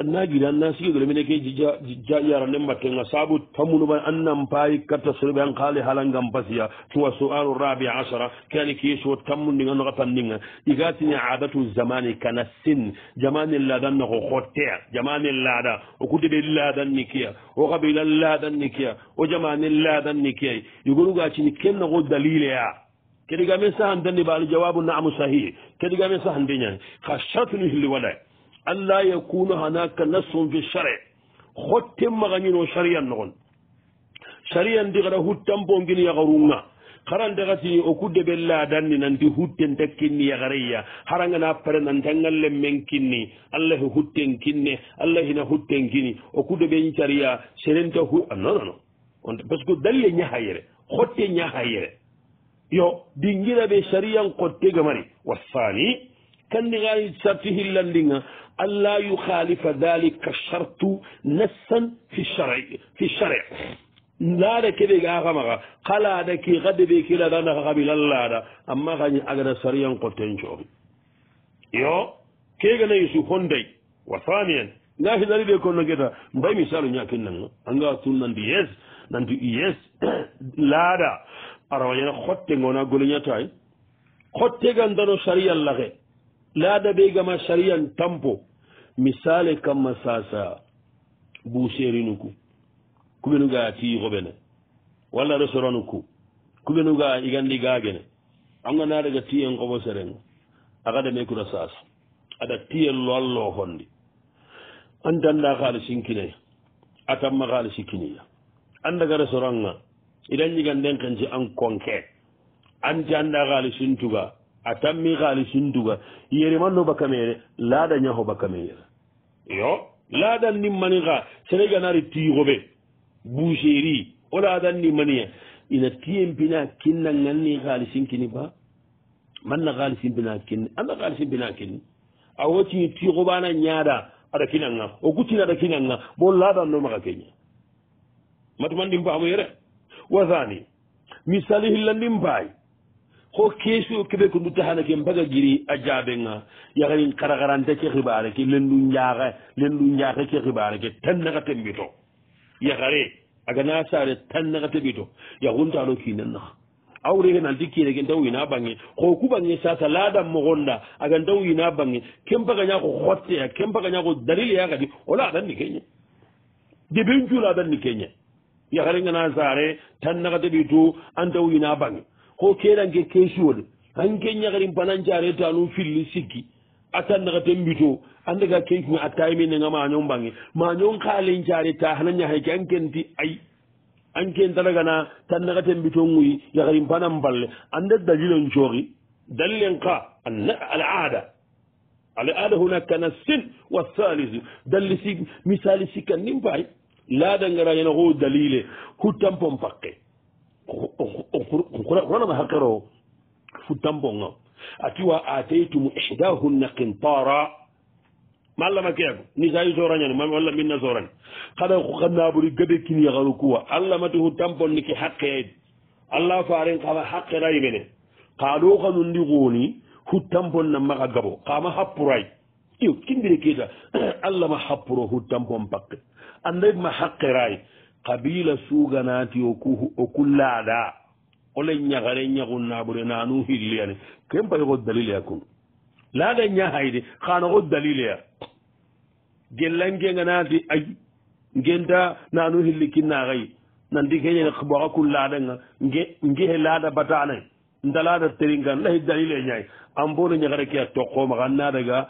anna gida anna sigidole mine ke jijja yarande mbatte nga saabu tammunu ɓan annan paayi katta sorɓe an kaali haalangan basiya tuwa sualu rabi asara kani keeso tammudiga noka pandiga igatini adatu zamani kana sin jamanin laadan nako hotteya jamanin laada o kudeɓe laadanni kiya o kabilan laadanni kiya o jamanin laadanni kiyay igorugacini kennako dalileya kedigamen sahandanni baali jawabu naamu sahih kedigamen sahandeñani ha chartunu hilli waɗay an la yakunu hanaka nassun fi chare hotte maganino sharia nogon sharia ndi gara huttan bongini yagarunga haran dagatini okudde be ladanni nanti hutten takkinni yagareya haragana pare nantangalle men kinni allah hutten kinne allahina hutten kini okudde ben sharia serenta hu ah, nonono on parce que dalle ñahayere hotte ñahayere yo dingira be sharia kotte gamari wasani kanni gari sarti hillandinga ألا يخالف ذلك الشرط نسا في الشرع في الشرع لا كده غامغا قال لك غد بك لا دنا قبل الله اما غني اغدا سريان قتنجو يو كيغنا يسو هوندي وثانيا لا في دليل يكون كده باي مثال نياكن نان انغا تون نان يس نان يس لا دا اروينا خطه غونا غولنيا تاي خطه غندنو شريان لغه لا دا ما شريان تامبو misale kamma sasa buserinu ku kuɓenuga tiyihoɓene walla restaurant ku kuɓenuga igandi gagene angana daga tiyen koɓo serenga akada mekuda sasa aɗa tiyen lollo honde antanda haali sinkinaya atamma haali sinkine andaga restaurant ga idan kan ji an konke an janda haali sintuga a mi haali sintuga yerimanno bakkameyere laada nyaho bakamere yo laadan nin mani xa senegalnaari tiixo ɓe bouchéri o laadan ni maniya ina tiyenpina kinna ganni xaalisin kini ba manna xaalisin pina kinni anna xaalisin pina kinni a wotini tiixoɓana ñaaɗa aɗa kinanga o guttina aɗa kinanga bo laadan no maxa keña matumandin paamoyere wasani misali hillandin paay ho keesio kebe ko ndutahanake mbaga giri a jaabenga yaganin karakarante ke xibaare ke lendu njaaxe lendu njaaxe ke xibaare ke tannaxa tembito yaxare a gana saare tannaxa tembito yaxuntaalo kiinen nax aw rege nanti kiine ke ntaw ina bange xoo ku bange sasa laadam moxonda aga ntaw ina bange ke mbagañaako xotteya ke mbagañaako dalileya gadi ola adan ni keñe debe ncuula adan ni keñe yaxarengana saare tannaxa tembitu a ntaw ina bange ko keɗanke kesuwol hanke ñagarin pananjare tanum filli sikki atan naga tembito andega kekuga attaimenega mañon bange mañon kalen care ta hana ñahake ankenti ay anken taragana tan naga tembiton guyi yagarin panan balle ande dalilen cooki dalilen ka alada alada hunakana sin wasalis dalli sik misali sikkandin pay ladangarayana ko dalile huttan pon pakke ronama hakkero futtambo ga a tiwa ataytumu ihdahunna kintara mallama keego ni sa yisorañani walla minna sorani kada ka naɓori gade kiniyakaru kuwa allahmati huttambon ni ke hakkeyd allah farin kama hakkerayi mene kaɗo kanundi goni huttambon na maka gabo kama happuray iyo kimbire keta allahma happuro huttambon pakke andayma hakkerayi kabila suganati o kullaɗa ole ñagare ñagunnaɓure nanu hilliyani ken payi xo dalilea kun laga ñahayde xanoxo dalilea gellangengenati a ngenta nanu hilli kinnaxay nandi keñene xɓoxa kulladanga ngexe lada batane ndalada teringan lahi dalile ñay an bono ñagare ke a toqomaxa annadaga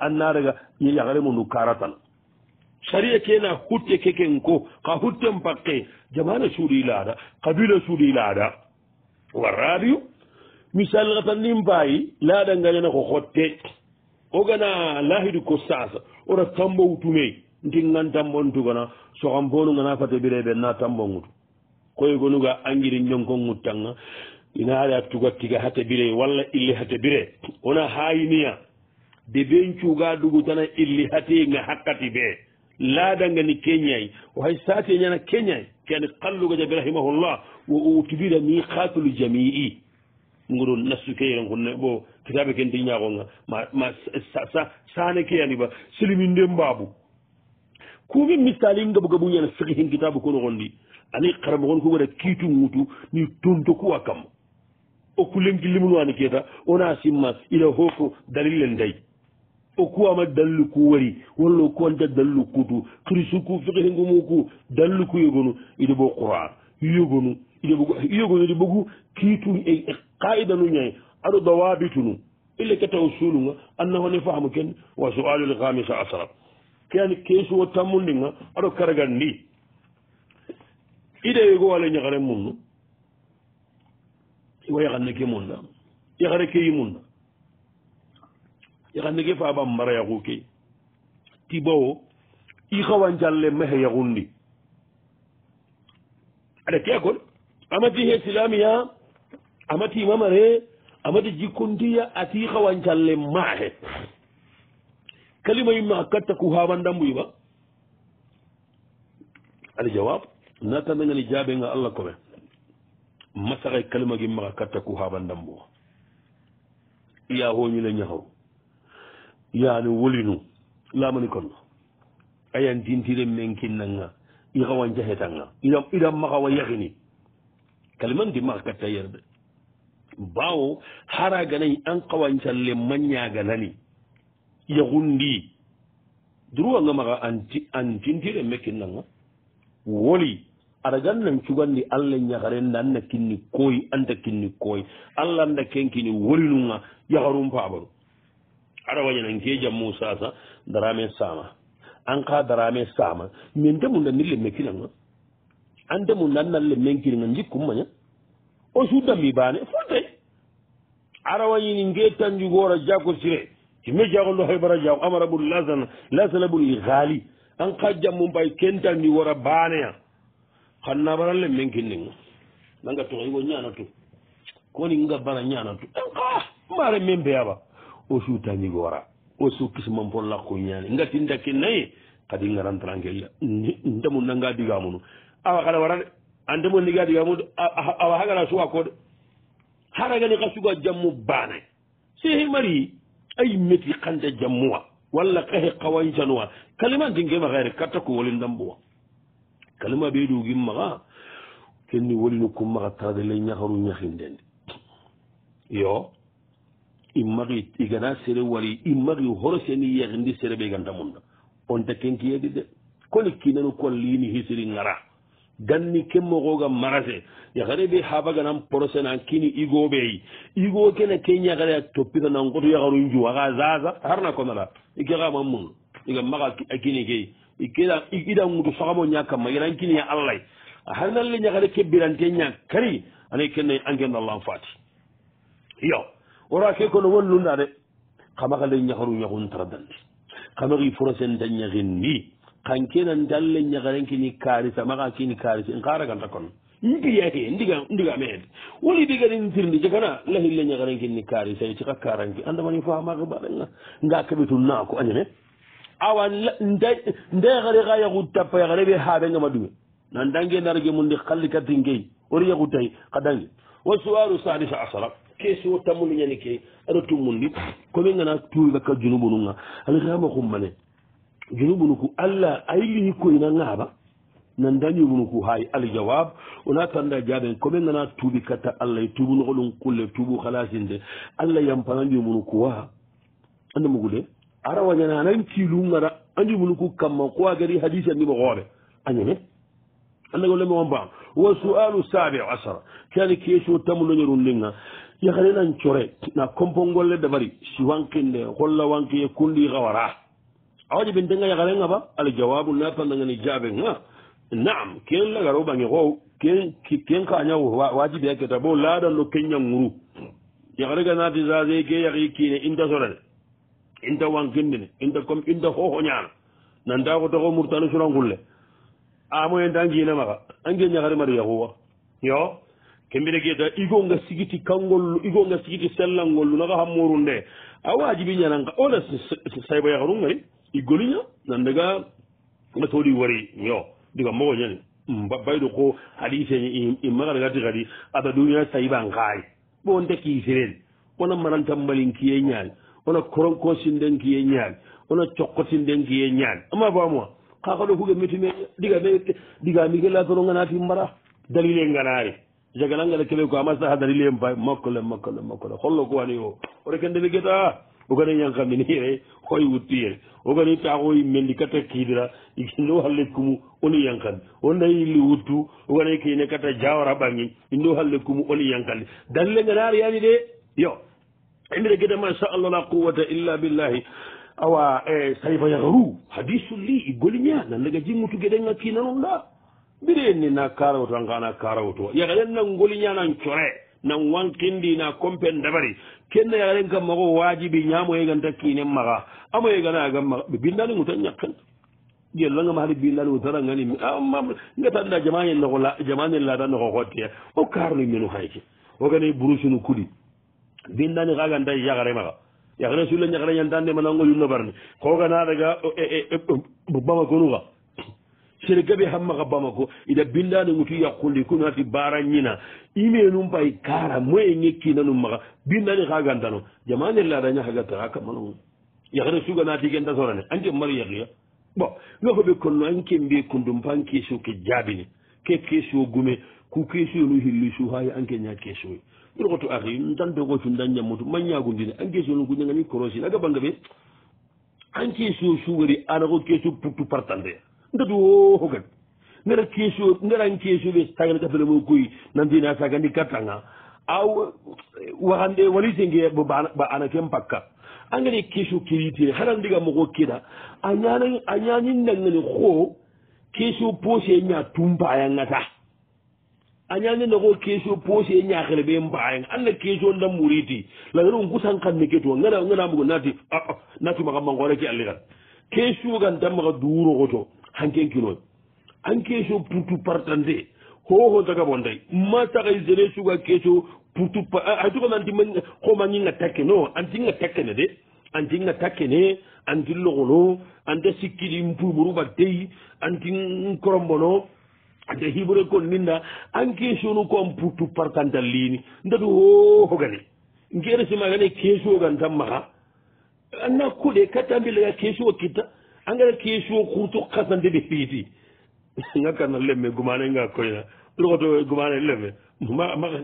annadaga ñagaremunu karatala sharia kena hutte keken ko ka hutten pakke jamana suuri laada kabila suuri laada wa radio misal ga tannin bayi laada ngañana ko hotte o gana lahidu ko sasa ora tambo wutumey ndingan tambontu gona sokam bonu ngana fate bire ɓe na tambo ngutu koye gonuga angiri ñonko guttanga inaari attuga tiga hate bire walla illi hate bire wona hayiniya de ɓen cuga dugu tana illi hate nga hakkati ɓee laada nga ni keñay ohay saati ñana keñay kene qalluga jabi rahimahullah wo utubira ni katulu jamii nguru nassukeyren hunne bo kitabe kenti ñagonga ma ma sane keyaniba silimi nden mbabu kumin misali ngabu gabu ñana sigi hen kitabu kono gondi ani karamo gon ko wara kiitu ŋutu ni tonto kuwa kam okulenki limunoani keta ona simma ila hoko dalillen dayi o kuwama dalluku wari walla o kuwanta dallukutu krisuku fihengumuku dalluku yogonu ide bo qouran yogonu ide bogu yogonu ide bogu kiitun e, e qaidanu ñayi aɗo dawabitunu ille ketta o suulunga annaho ne faamu ken wa soalu lhamisa asra keani keesuwo tammundinga aɗo karagan ndi ide yogo wala ñakare munnu wa yakanne ke munna yakare keyi munna yaxannege faaba mara yaxu ke tibawo i xawa njalle maxe yaxundi ada ke a kon amati xe silamiya amati mamare amati jikkuntiya ati xawa njalle maxe kalima yi maxa kattaku hamandambuyiba ada jawab natandangani jaɓenga allah kome masaxe kalima gi maxa kattaku hamandambuwa iyaxoñile ñaxaru yani wolinu lamani kon ayan tintiren men kinnanga ixawan jahetanga idan maxawa yaxini di maxa katta yerde bawo hara ganayi an xawancalle mañaganani yaxundi nga maxa an tintiren me kinnanga woli aragan nan cugandi allah ñagaren na an na kinni koyi anda kinni koyi allah anda ken kini wolinunga fa abaru ara wañana geeja moussa sa darame sama an ka darame sama min demunda ni lemme kinaga an demunda nan lemme kiriga jikkummaña o suddanmi bane fulde ara wañini ngee tanjugoora jakosire imme jagondo haybara e jago amarabul lasan lasanabul ihali an ka jammu mbay ken tanjugoora baaneya xan nabara lemme kinniga nanga toxigo ñanatu koni nga bana ñanatu an ka mbare membeyaba o suutaani goora o su kisimam fo lakko ñaani ngati ndakki nayi kadi ngarantarankella ndemu nanga digamunu awa kada wara de andemu ndiga digamudu awa hagana suga ko de haragani ka suga jammu baanay sehi mari ay meti kanta jammuwa walla kahe kawancanuwa kalima dingema hayre katta ko woli ndambuwa kalima ɓeeɗugim maga kenni wolinu kummaga tarade ley ñaharu ñahindende yo i maxi i gana sere wari i maxi horoseni yexindi sere ɓe ganta munda onta kenkiyedi de koni kinanu kollini hisiri ngara ganni ke moxoga marase yaxare ɓe habaganan procé nan kini igoɓey igo kene ke ñaxare a toppita nangotu yaxaru ju axa zaza harna konala ike xama mun iga maxa a kini key ikeda ida ngutu faxamo ña kamma iran kiniya allay harnalle ñaxare ke birante ña kari ana kenna anke nallan fati iyo wora ke kono wallunda de kamaka le ñakaru ñakuntara dandi kamaki forosenta ñakinndi kan kenan talle ñakarenkini karisa maka kini karisa n karaganta kono ndiyake ndiga ndiga meed woli ɓigadin tirndi jegana lahille ñakarenkinni karisa ye cika karanki andamani famaki baɓenga nga keɓetu naako anene awa ndeyakare ka yaku tappa yakare ɓe haɓenga ma ɗume nan dangue narge mundi kalli kattinkeyi ori yaku tayi ka dangue wa suwaru sadis asara keesi wo tammundi ñani ke ara tummundi komi ngana tuwi gakka junubunu nga alxama xumbane junubunu ku allah ay lii koyina ngaaba nanda ñumunu ku haay aljawab ona tanda jaaɓen komi ngana tuubi katta allah tuubu noxolum kulle tuubu xalasinde allah yampana ñumunu ku wa anda mugu de ara wañananan kiilu ngara a ñumunu ku kamma ku wageri hadise ndimo xoore a ñene anda golle mewo mbaam wa sualu sabi asara keani keesio tamu noñorundinga yahanenan core na compongolle dabari si wankinde holla wankiye kundi hawara awaji ɓin tenga yahanenga ba ala jawabu napandagani jaben ha naam ken lagaro bange ho ken ken kaña wajibe aketa bo laadanno kenña guru yahanega nati sage ke yahi kine inta sorene inta wankindene inta comme inta hohoñana nanta ko toko murtano sorangulle amoyen ta ngiinemaha angen yahare mari yahuwa yo kembine geeta igo nga sigiti kangollu igo nga sigiti sellangollu naga hammoru nde a waaji bi ñananga ola saybayakaru ngari igoliña nandega nga tooɗi wari yo diga mogo ñani mbaydu ko haɗiiseñi i magana gati kadi ada duniya sayba ngaay ɓoon te kiisiren ona maranta malinkiye ñaani ona koron consindenkiye ñaani ona coqotindenkiye ñaani ama famoa kaa ka ɗo kuge métimeña digame digamigelatoro nganaati mbara dalile nganaari jaga nangala kele ko amasa ha dari lem bay makkole makkole makkole hollo ko wani o ore ken dele geta o gani yan kam ni re hoy wutti re o gani ta hoy mendi kata kidira indo halle kumu oni yan kam on dai li wuttu o gani ke ne kata jawara bangi indo halle kumu oni yan kam dalle ngaraari yani de yo indire geta ma sha Allah la quwwata illa billahi awa e eh, sayfa yaru hadithu li igolinya nan daga jimutu gedenga kinanunda mbiri en ni na karawoto an kana karawoto yakaren nan goliñanan core nan wankindi na compen dabari kenna yakaren kam mago wajibi ñamoye ganta kinen maga amoye gana gam maga ɓe bindani ngutan ñakken jellangama hade bindani ngutarangani mi ah, amma ngatanda jamañen noko la jamañen lada noko hotteya o karlu minu hayke ogane brusunu kuɗi bindani kaganta yakare maga yakare sulle ñakare ñantandemanango yunno barni kogana daga ɓamakonuka eh, eh, eh, e, e, e, sere gabe hammaga bamako ida bindani ŋutu yakkundi kunati bara ñina imenum bay kara moye ŋekkinanu maga bindani hagantano jamane ladaña hagata a kamano yahre suganati genta sorane anke maru yahiya bo yohoɓe konno an kembe kundum pan keso ke jabini ke keso gume ku kesonu hilli su haye anke ña kesoy ɓurkoto ahi ntantogo sunda ñammutu ma ñagundine an kesonu kuñagani korosin aga bangabe an keso sugari anago keso puttu partandeya ndadu wohogan ngara keso ngaran kesoɓe sagana gabalama koy nandina sagandi gartanga aw waxande walisenge ba ana ken pakka angane keso kiritire haran ndiga mogo kida a ñanin nangani xo keso pose ña tumpayangata a ñani nago keso pose ñaxelɓe mbaayang anna keso ndamuriti lagaro ngusan xanne ke tuwa ngana mbugo nati natumaxa mangoreke alli xan kesugan tamaxa duuroxoto hanke kiloy hankeso pourtout partante hoho daga bonday ma sakay gene suga keso pourtout a tuko homangi nga takke no antinga takkene de antinga takkene anti loxolo anta sikkili mpumuru bak dey anti korombono ante hibre kon ninda ankesonu kom pourtout partantal lini ndatu hoho gane ngeresima gane kesoganta maxa anna kude kattambilaga kesowo kitta angara kesuo kurto kasande ɓe feeti nga kana lemme gumane nga koyna ɗoto gumane lemme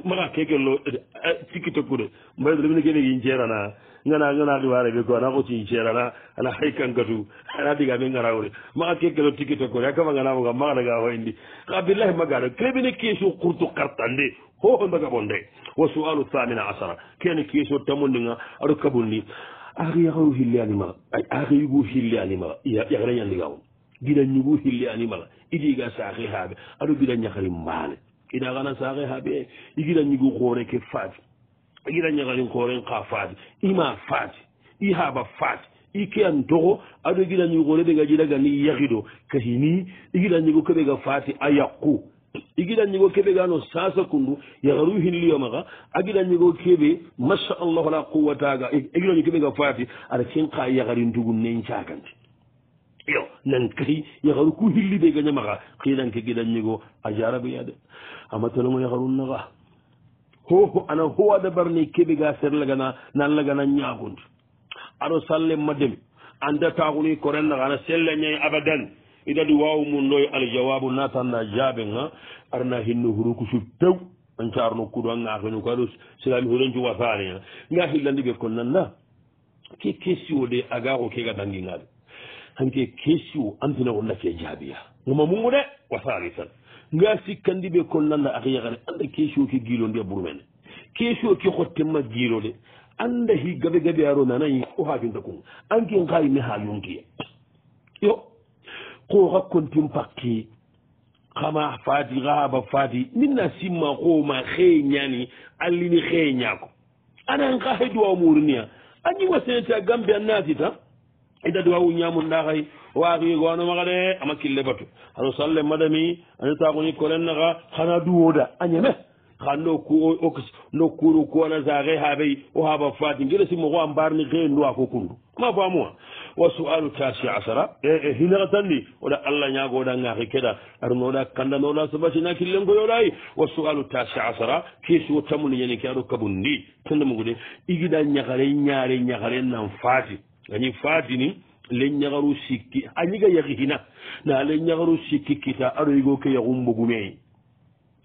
maga kekello eh, sikki tokkude mbayde mine kene gin jeerana ngana ngana xiware ɓe ko ana xoti jeerana ana xay kangatu ana diga me ngarawre maga kekello tikki tokkude a kama nganamoga maxanaga xoyndi xa bilahi magada kelebine keso kurtu kartande hoho mbaga ɓonde wa sual thamina asara kene keso tamundinga aɗo kabunni axiyaxayu xilli animala axiyugu xilli animala yaxirañandigaxun gida ñugu xilli animala idiga saaxe xaabe aɗo gida ñaxarin mbaane idaxana saaxe xaabe i gida ñugu xoore ke faati i gida ñaxarin xooren xa faati ima faati i xaaba faati i kean toxo aɗo gida ñugu xoore ɓega jiɗa gani yaxido kahini i gida ñugu keɓega faati a yaqu igiɗanñigo keɓe gano sasa kundu yaharu hin liyoma ga agiɗanñigo keɓe machallahu la quwataga egiɗañigo keɓe ga fati aɗa kenqa yaharintugu nencaganti yo nan kay yaharu ku hillide gañamaga qiɗanke giɗanñigo a jaraɓeya de ama tenogo yaharunnaga hoho ana howada barne keɓe ga serlagana nanlagana ñagondi aɗo salle madem andatagunu korennaga ana sella ñayi abadan idadi waw mum ɗo aljawabu natanna jaabe ga arna hinno huru ko suf tew en carno kuɗo a gakeno ko aɗo silami huɗencu wasane a ga hillandi ɓe kon nanna ke kesio de aga ko kega dangigade hanke kesio antina ko dacce jaabiya goma mumu de wasali tan ga sikkandi ɓe kon nanna aka yagane anda kesio ke guilo ndi a ɓurumene kesio ke hottenma guilo de anda hi gabe gabe aromi anayi o hajunta kon anke gayi mi ha yonkiya yo koo hakkontin pakke kama faadi haaba faadi min na simma kooma heeñani allini heeñaako anan ka hay duwa muriniya a ñiwa senete a gambe an naatita ida duwa wu ñamunda hay o waakiyego ano maxa de ama killebatu ano salle madami a ñetaakuñi kolen naxa xana duwooda a ñeme xa nokuru kuwana sage habey o haba fati ngila si moxo a mbarni xeenduwa ko kundu ma famuwa wa sualu tasi asara e xinaxa e, tanni oɗa allah ñagoɗa ngaxi keɗa arnoɗa kandanoɗa sabasina kilengoyoɗayi wa sualu tasi asara kesuo tamuni ñani ke aɗo kabundi tendamugude igida ñaxare ñaare ñaxare nan fati ani fatini le ñaxaru sikki a ñiga yaxi hina na le ñaxaru sikki kita aɗo yigo ke yaxu mbogumeyi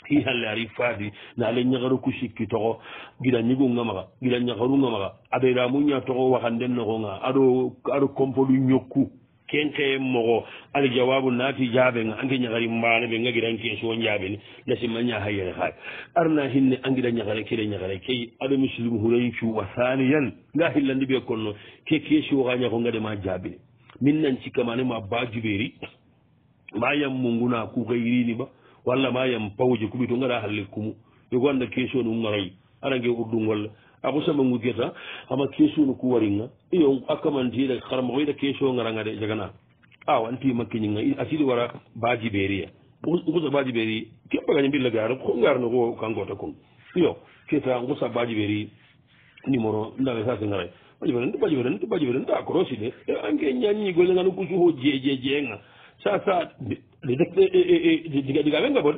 hihalle ari faadi naale ñakaru ku sikki toxo gida ñigu ngamaxa gida ñakaru ngamaxa aderamu ña toxo waxanden noxonga aɗo aɗo compodu ñokku kenkeye moxo ala jawabu naati jaɓenga anke ñakari mbaana ɓe ngagiran keso njaɓeni lasima ña ha yere xaay arna hinne angiɗa ñakare kede ñakare key aɗo muslim hurayi cuuɓa thaniyan nga hillandi ɓe konno ke kesoxa ñako ngadema jaɓini min nan cikkamanema ba juɓeeri mba yam mungu na kuxeyiriniɓa walla ma yam pawje kuɓi to gaɗa halle kumu yogo anda question um garayi aɗa ge urdu ngolle abo saba guggeta ama question ku waringa iyo akkamantiɗa karamo oyiɗa question garaga de jagana aw anti makkiñinga asiɗi wara baji ɓeeriya gusa baji ɓeeri kebbagaña mbilla gaare ko garno ko kangota kon iyo keta gusa baji ɓeeri numéro ndaga sasi garay bajiɓerende bajiɓerende bajiɓerende akorosi de e ange ñañigolle ngano gusu ho jeejejeenga sa sa li def diga diga wenga bon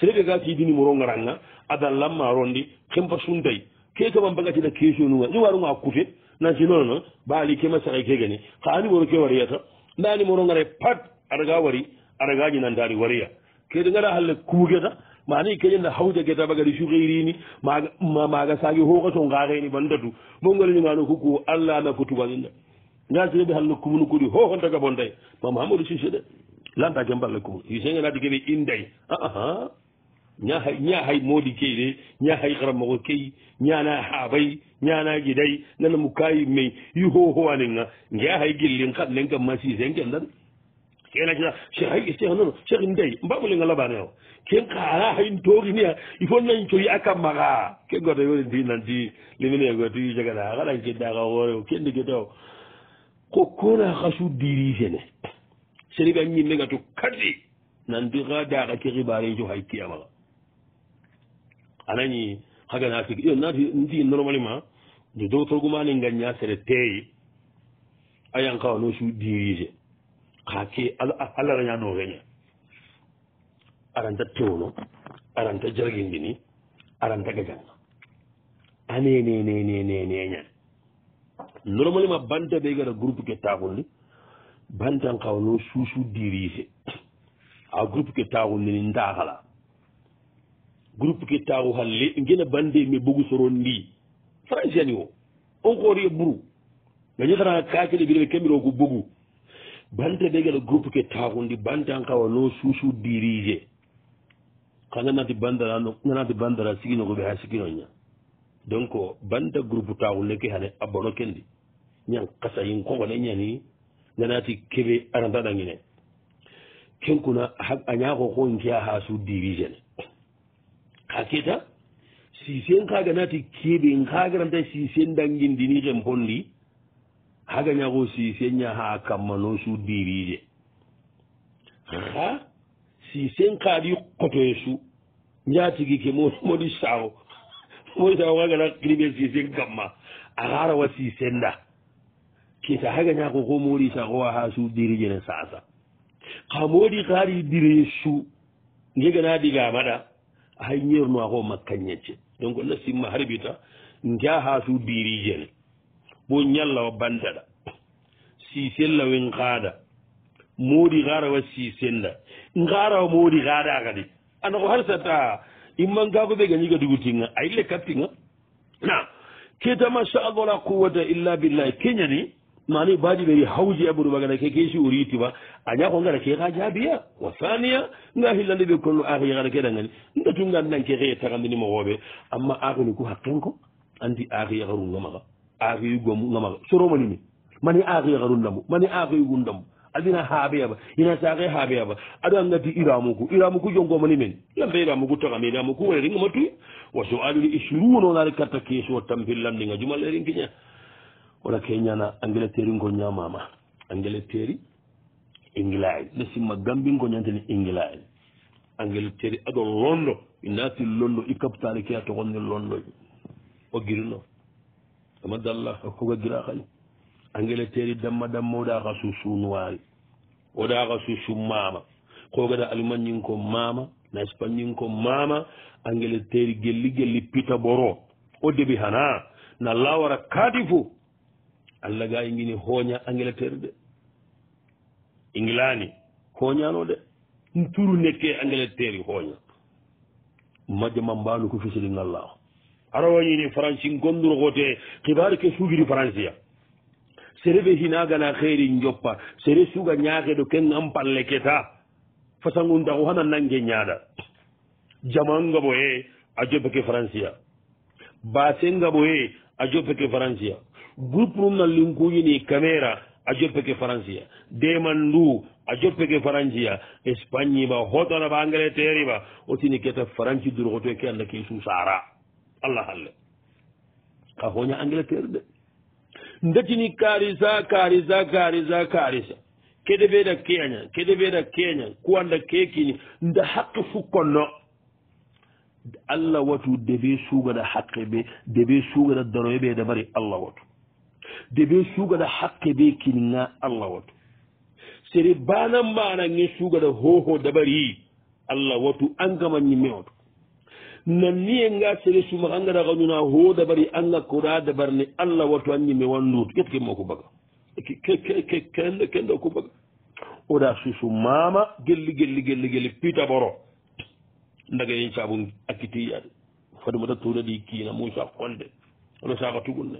serebe ga ti dini moro ngaranga ada lamma rondi kemba sundai ke ke bamba gati da ke jonu wa yuwaru ma kute na ji non non bali ke masa ke gani ka ani moro ke wariya ta ndani moro ngare pat arga wari arga ji nan dari wariya ke de ngara halle kuuge ta ma ni ke yenda hawde ke ta bagari su geyrini ma ma ga sagi ho ko son gaare ni bandatu mo ngol ni ma no ku ku alla na kutu ba ninda ngal jere bi halle kumunu kudi ho ho ndaga bondai ma mamadu sisi de lanta joom balla ko usinganaade kene innday ah, ah, ah. ñaa hay moodi key de ñaa hay karamoko key ñaana haabay ñaanaaji day nana mu kaayi may yi hohowaninga ngea hay gillin kan nen kam masise ken dan kenaa chekh hay chekh nono chekh nday mbamu lenga labane o ken kaala hayn toogini'a il faut nañ coyi a kammaka ke goto yoni ti nanti limine goto yi jagata a kalan kiddaka hoore o kendi geteo ko kona xasu dirigene seriga ñimmegatu kadi nandiga daaka ke xibaarejo hay kiyamaga anañi xagana tig iyo nati nti normalement de docteur gumani ngaña sere teyi a yankawano su dirige xa ke alarañanooxeña aranta tewono aranta jargindini aranta gajanga anene neneneneña normalement bante ɓe gara groupe ke taxulli bantan kaw no suusu dirige a groupe ke taaxu nini ntaaxala groupe ke taaxu xale ngena bande me bogu soro ndi francien wo on xooriye buru gañi xaraa kaakele bire kemiroogu bogu bante ɓegela groupe ke taaxu ndi bantan kawa no suusu dirige xa ganati bandara ganati bandara siginoxuɓe xa siginoña donc banta groupe taaxu neke xane a bono kendi ñang xasayin xoxone ñani nanati keɓe aranta ɗangine kenkuna a ñaako ko nkea ha su division ha keta sisen kaga nati keɓe nkagaranta sisen dangindini xen ponndi haga ñaako sisen ña ha kamma no su dirige xa sisen kaadi kotoye su ñatigi ke modi sao modi sao kagana kribe sisen kamma a xarawa sisen da kisa haga ñako ko moɗi sagowa ha su diri jene sasa ka moɗi kaari dire su gegana digamaɗa hay ñernoa ko makkañecce donc na simma harbita nja ha su diri jene bo ñallawa bandaɗa sisella wen kaada moɗi garawa sisella garawa moɗi kaada kadi ana ko harsata immankako ɓe gañiga dugu tinga ayille kattinga na ketama sa adola quwata illa billahi keñani mani baji ɓeri hawji aburu magana ke keesi uriitima a ñako ngara ke ka jaabiya wa thania nga hillande ɓe konno aki yakana ke ɗangani ndatungan nan ke xeye taxandini ma xooɓe amma aakini ku hakken ko andi aaki yakaru ngamaxa aakiyu gom ngamaxa soromanimi mani aaki yakaru ndambu mani aakiyugu ndambu adina haɓeyaba ina saxe haɓeyaba aɗo angati iramuku iramuku jongomani men lambe iramuku taxami iramuku wonerigamatuy wa soalil isruunonare katta keesowa tampillandinga jumalerinkiña wala ke ñana engleteri ngo ñamama engleteri englaye nde simma gambin ko ñantene englaye engleteri aɗo londo inaati londo i capitale ke a togonni londoje o girino ama dalla koga gira xay engleteri damma damma oɗa xa susunoari oɗa xa susu mama kogada almanin ko mama na spanin ko mama engleteri gelli gelli pita boro o deɓi hana na lawara kaati fo allah ga ingini hooña engleterre de englani hooñano de turu nekke engleterre hooña majjo ma mbanu ko fisiri ngallaho arawañini franci gonduro kote kibaru ke suugiri francia sereɓe hinagana xeeri joppa sere suuga ñaakeɗo ken ampalle keta fasangundaku hana nangue ñaaɗa jamangaɓo ye a joppeke francia basengaɓo ye a joppeke francia groupe num na linkuyini caméra a joppeke francia demandu a joppeke francia espagne ba hotona ba angleterre ba otini keta franci durkoto ke anda e ke susara allah halle ka hoña angleterre de ndetini karisa karisa karisa karisa kede ɓeeda keña kede ɓeeda keña ku anda kekini nde hakke fukkonno allah watu debe sugada hakke ɓe debe sugada daroye ɓe da bari allah watu de ɓe cugana hakke ɓe kininga allah watu sere banan marange cugana hoho dabari allah watu angamañime oto nanniye nga sere sumaka angara kañuna ho dabari anga koɗa dabarne allah watu anñime wandut ƴetkemo kubaga kendo kubaga oɗa susu mama gelli gelli gelli gelli pitaboro ndaga yen sabu akkitiyade fadumata tunaɗi kiina musa konde ono saka tugunne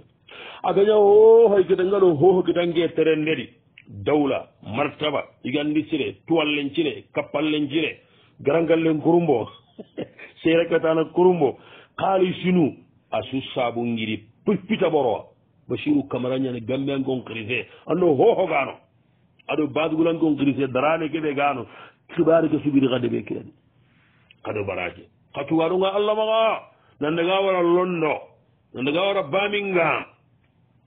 agaña hoho gida ngaɗo hoho gidange terel ndeɗi dawla martaba igandisire tuwallen cire kappallen jire garangallen kurumbo serekatana kurumbo kalisinu a susabungiri pippita ɓoroa basiru camaragñane gambiangon crise ando hoho gano aɗo badugulangon crise darane keɓe gano kibari ka subiri kade ɓe kiɗani kado baraje ka tuganunga allah maga nandaga wara londo nandaga wara bamingam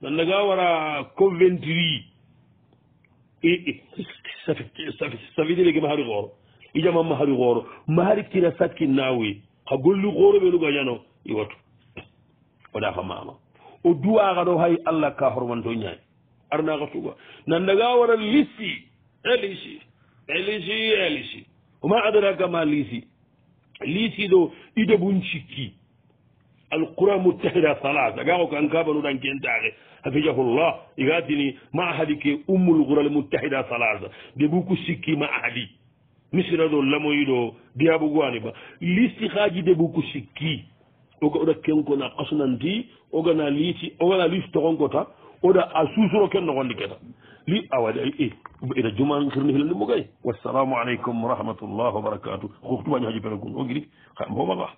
ganda ga wara conventri sa fi dire ke mahari xooro ijama mahari xooro mahari kina sakki nawe xa golli xooro ɓenu gañano i watu oda xa mama o duwaxa ɗo hay allah ka xormanto ñaay arnaxa suga nanda ga wara lisi elisi elisi elisi oma adaraka ma lisi lisi ɗo i debun cikki القرى متحدة ثلاثة قالوا كان كابنوا دان كنتاغي حفظه الله يغاتني ما أحدك أم القرى المتحدة ثلاثة دبوكو سكي ما أحدي misira do lamoyiɗo diyabu gwani ba listi haji debu ko sikki oga oɗa kenkona kasunanti ogana liiti ogana liisi togonkota oɗa a susuro ken nogondi keta li awaɗi ay e ɓeɗa juman kirni hilandi mo gay wassalamu aleykum wa rahmatullah wa barakatu hoktumañi haji pere gun o giri ha mbomaga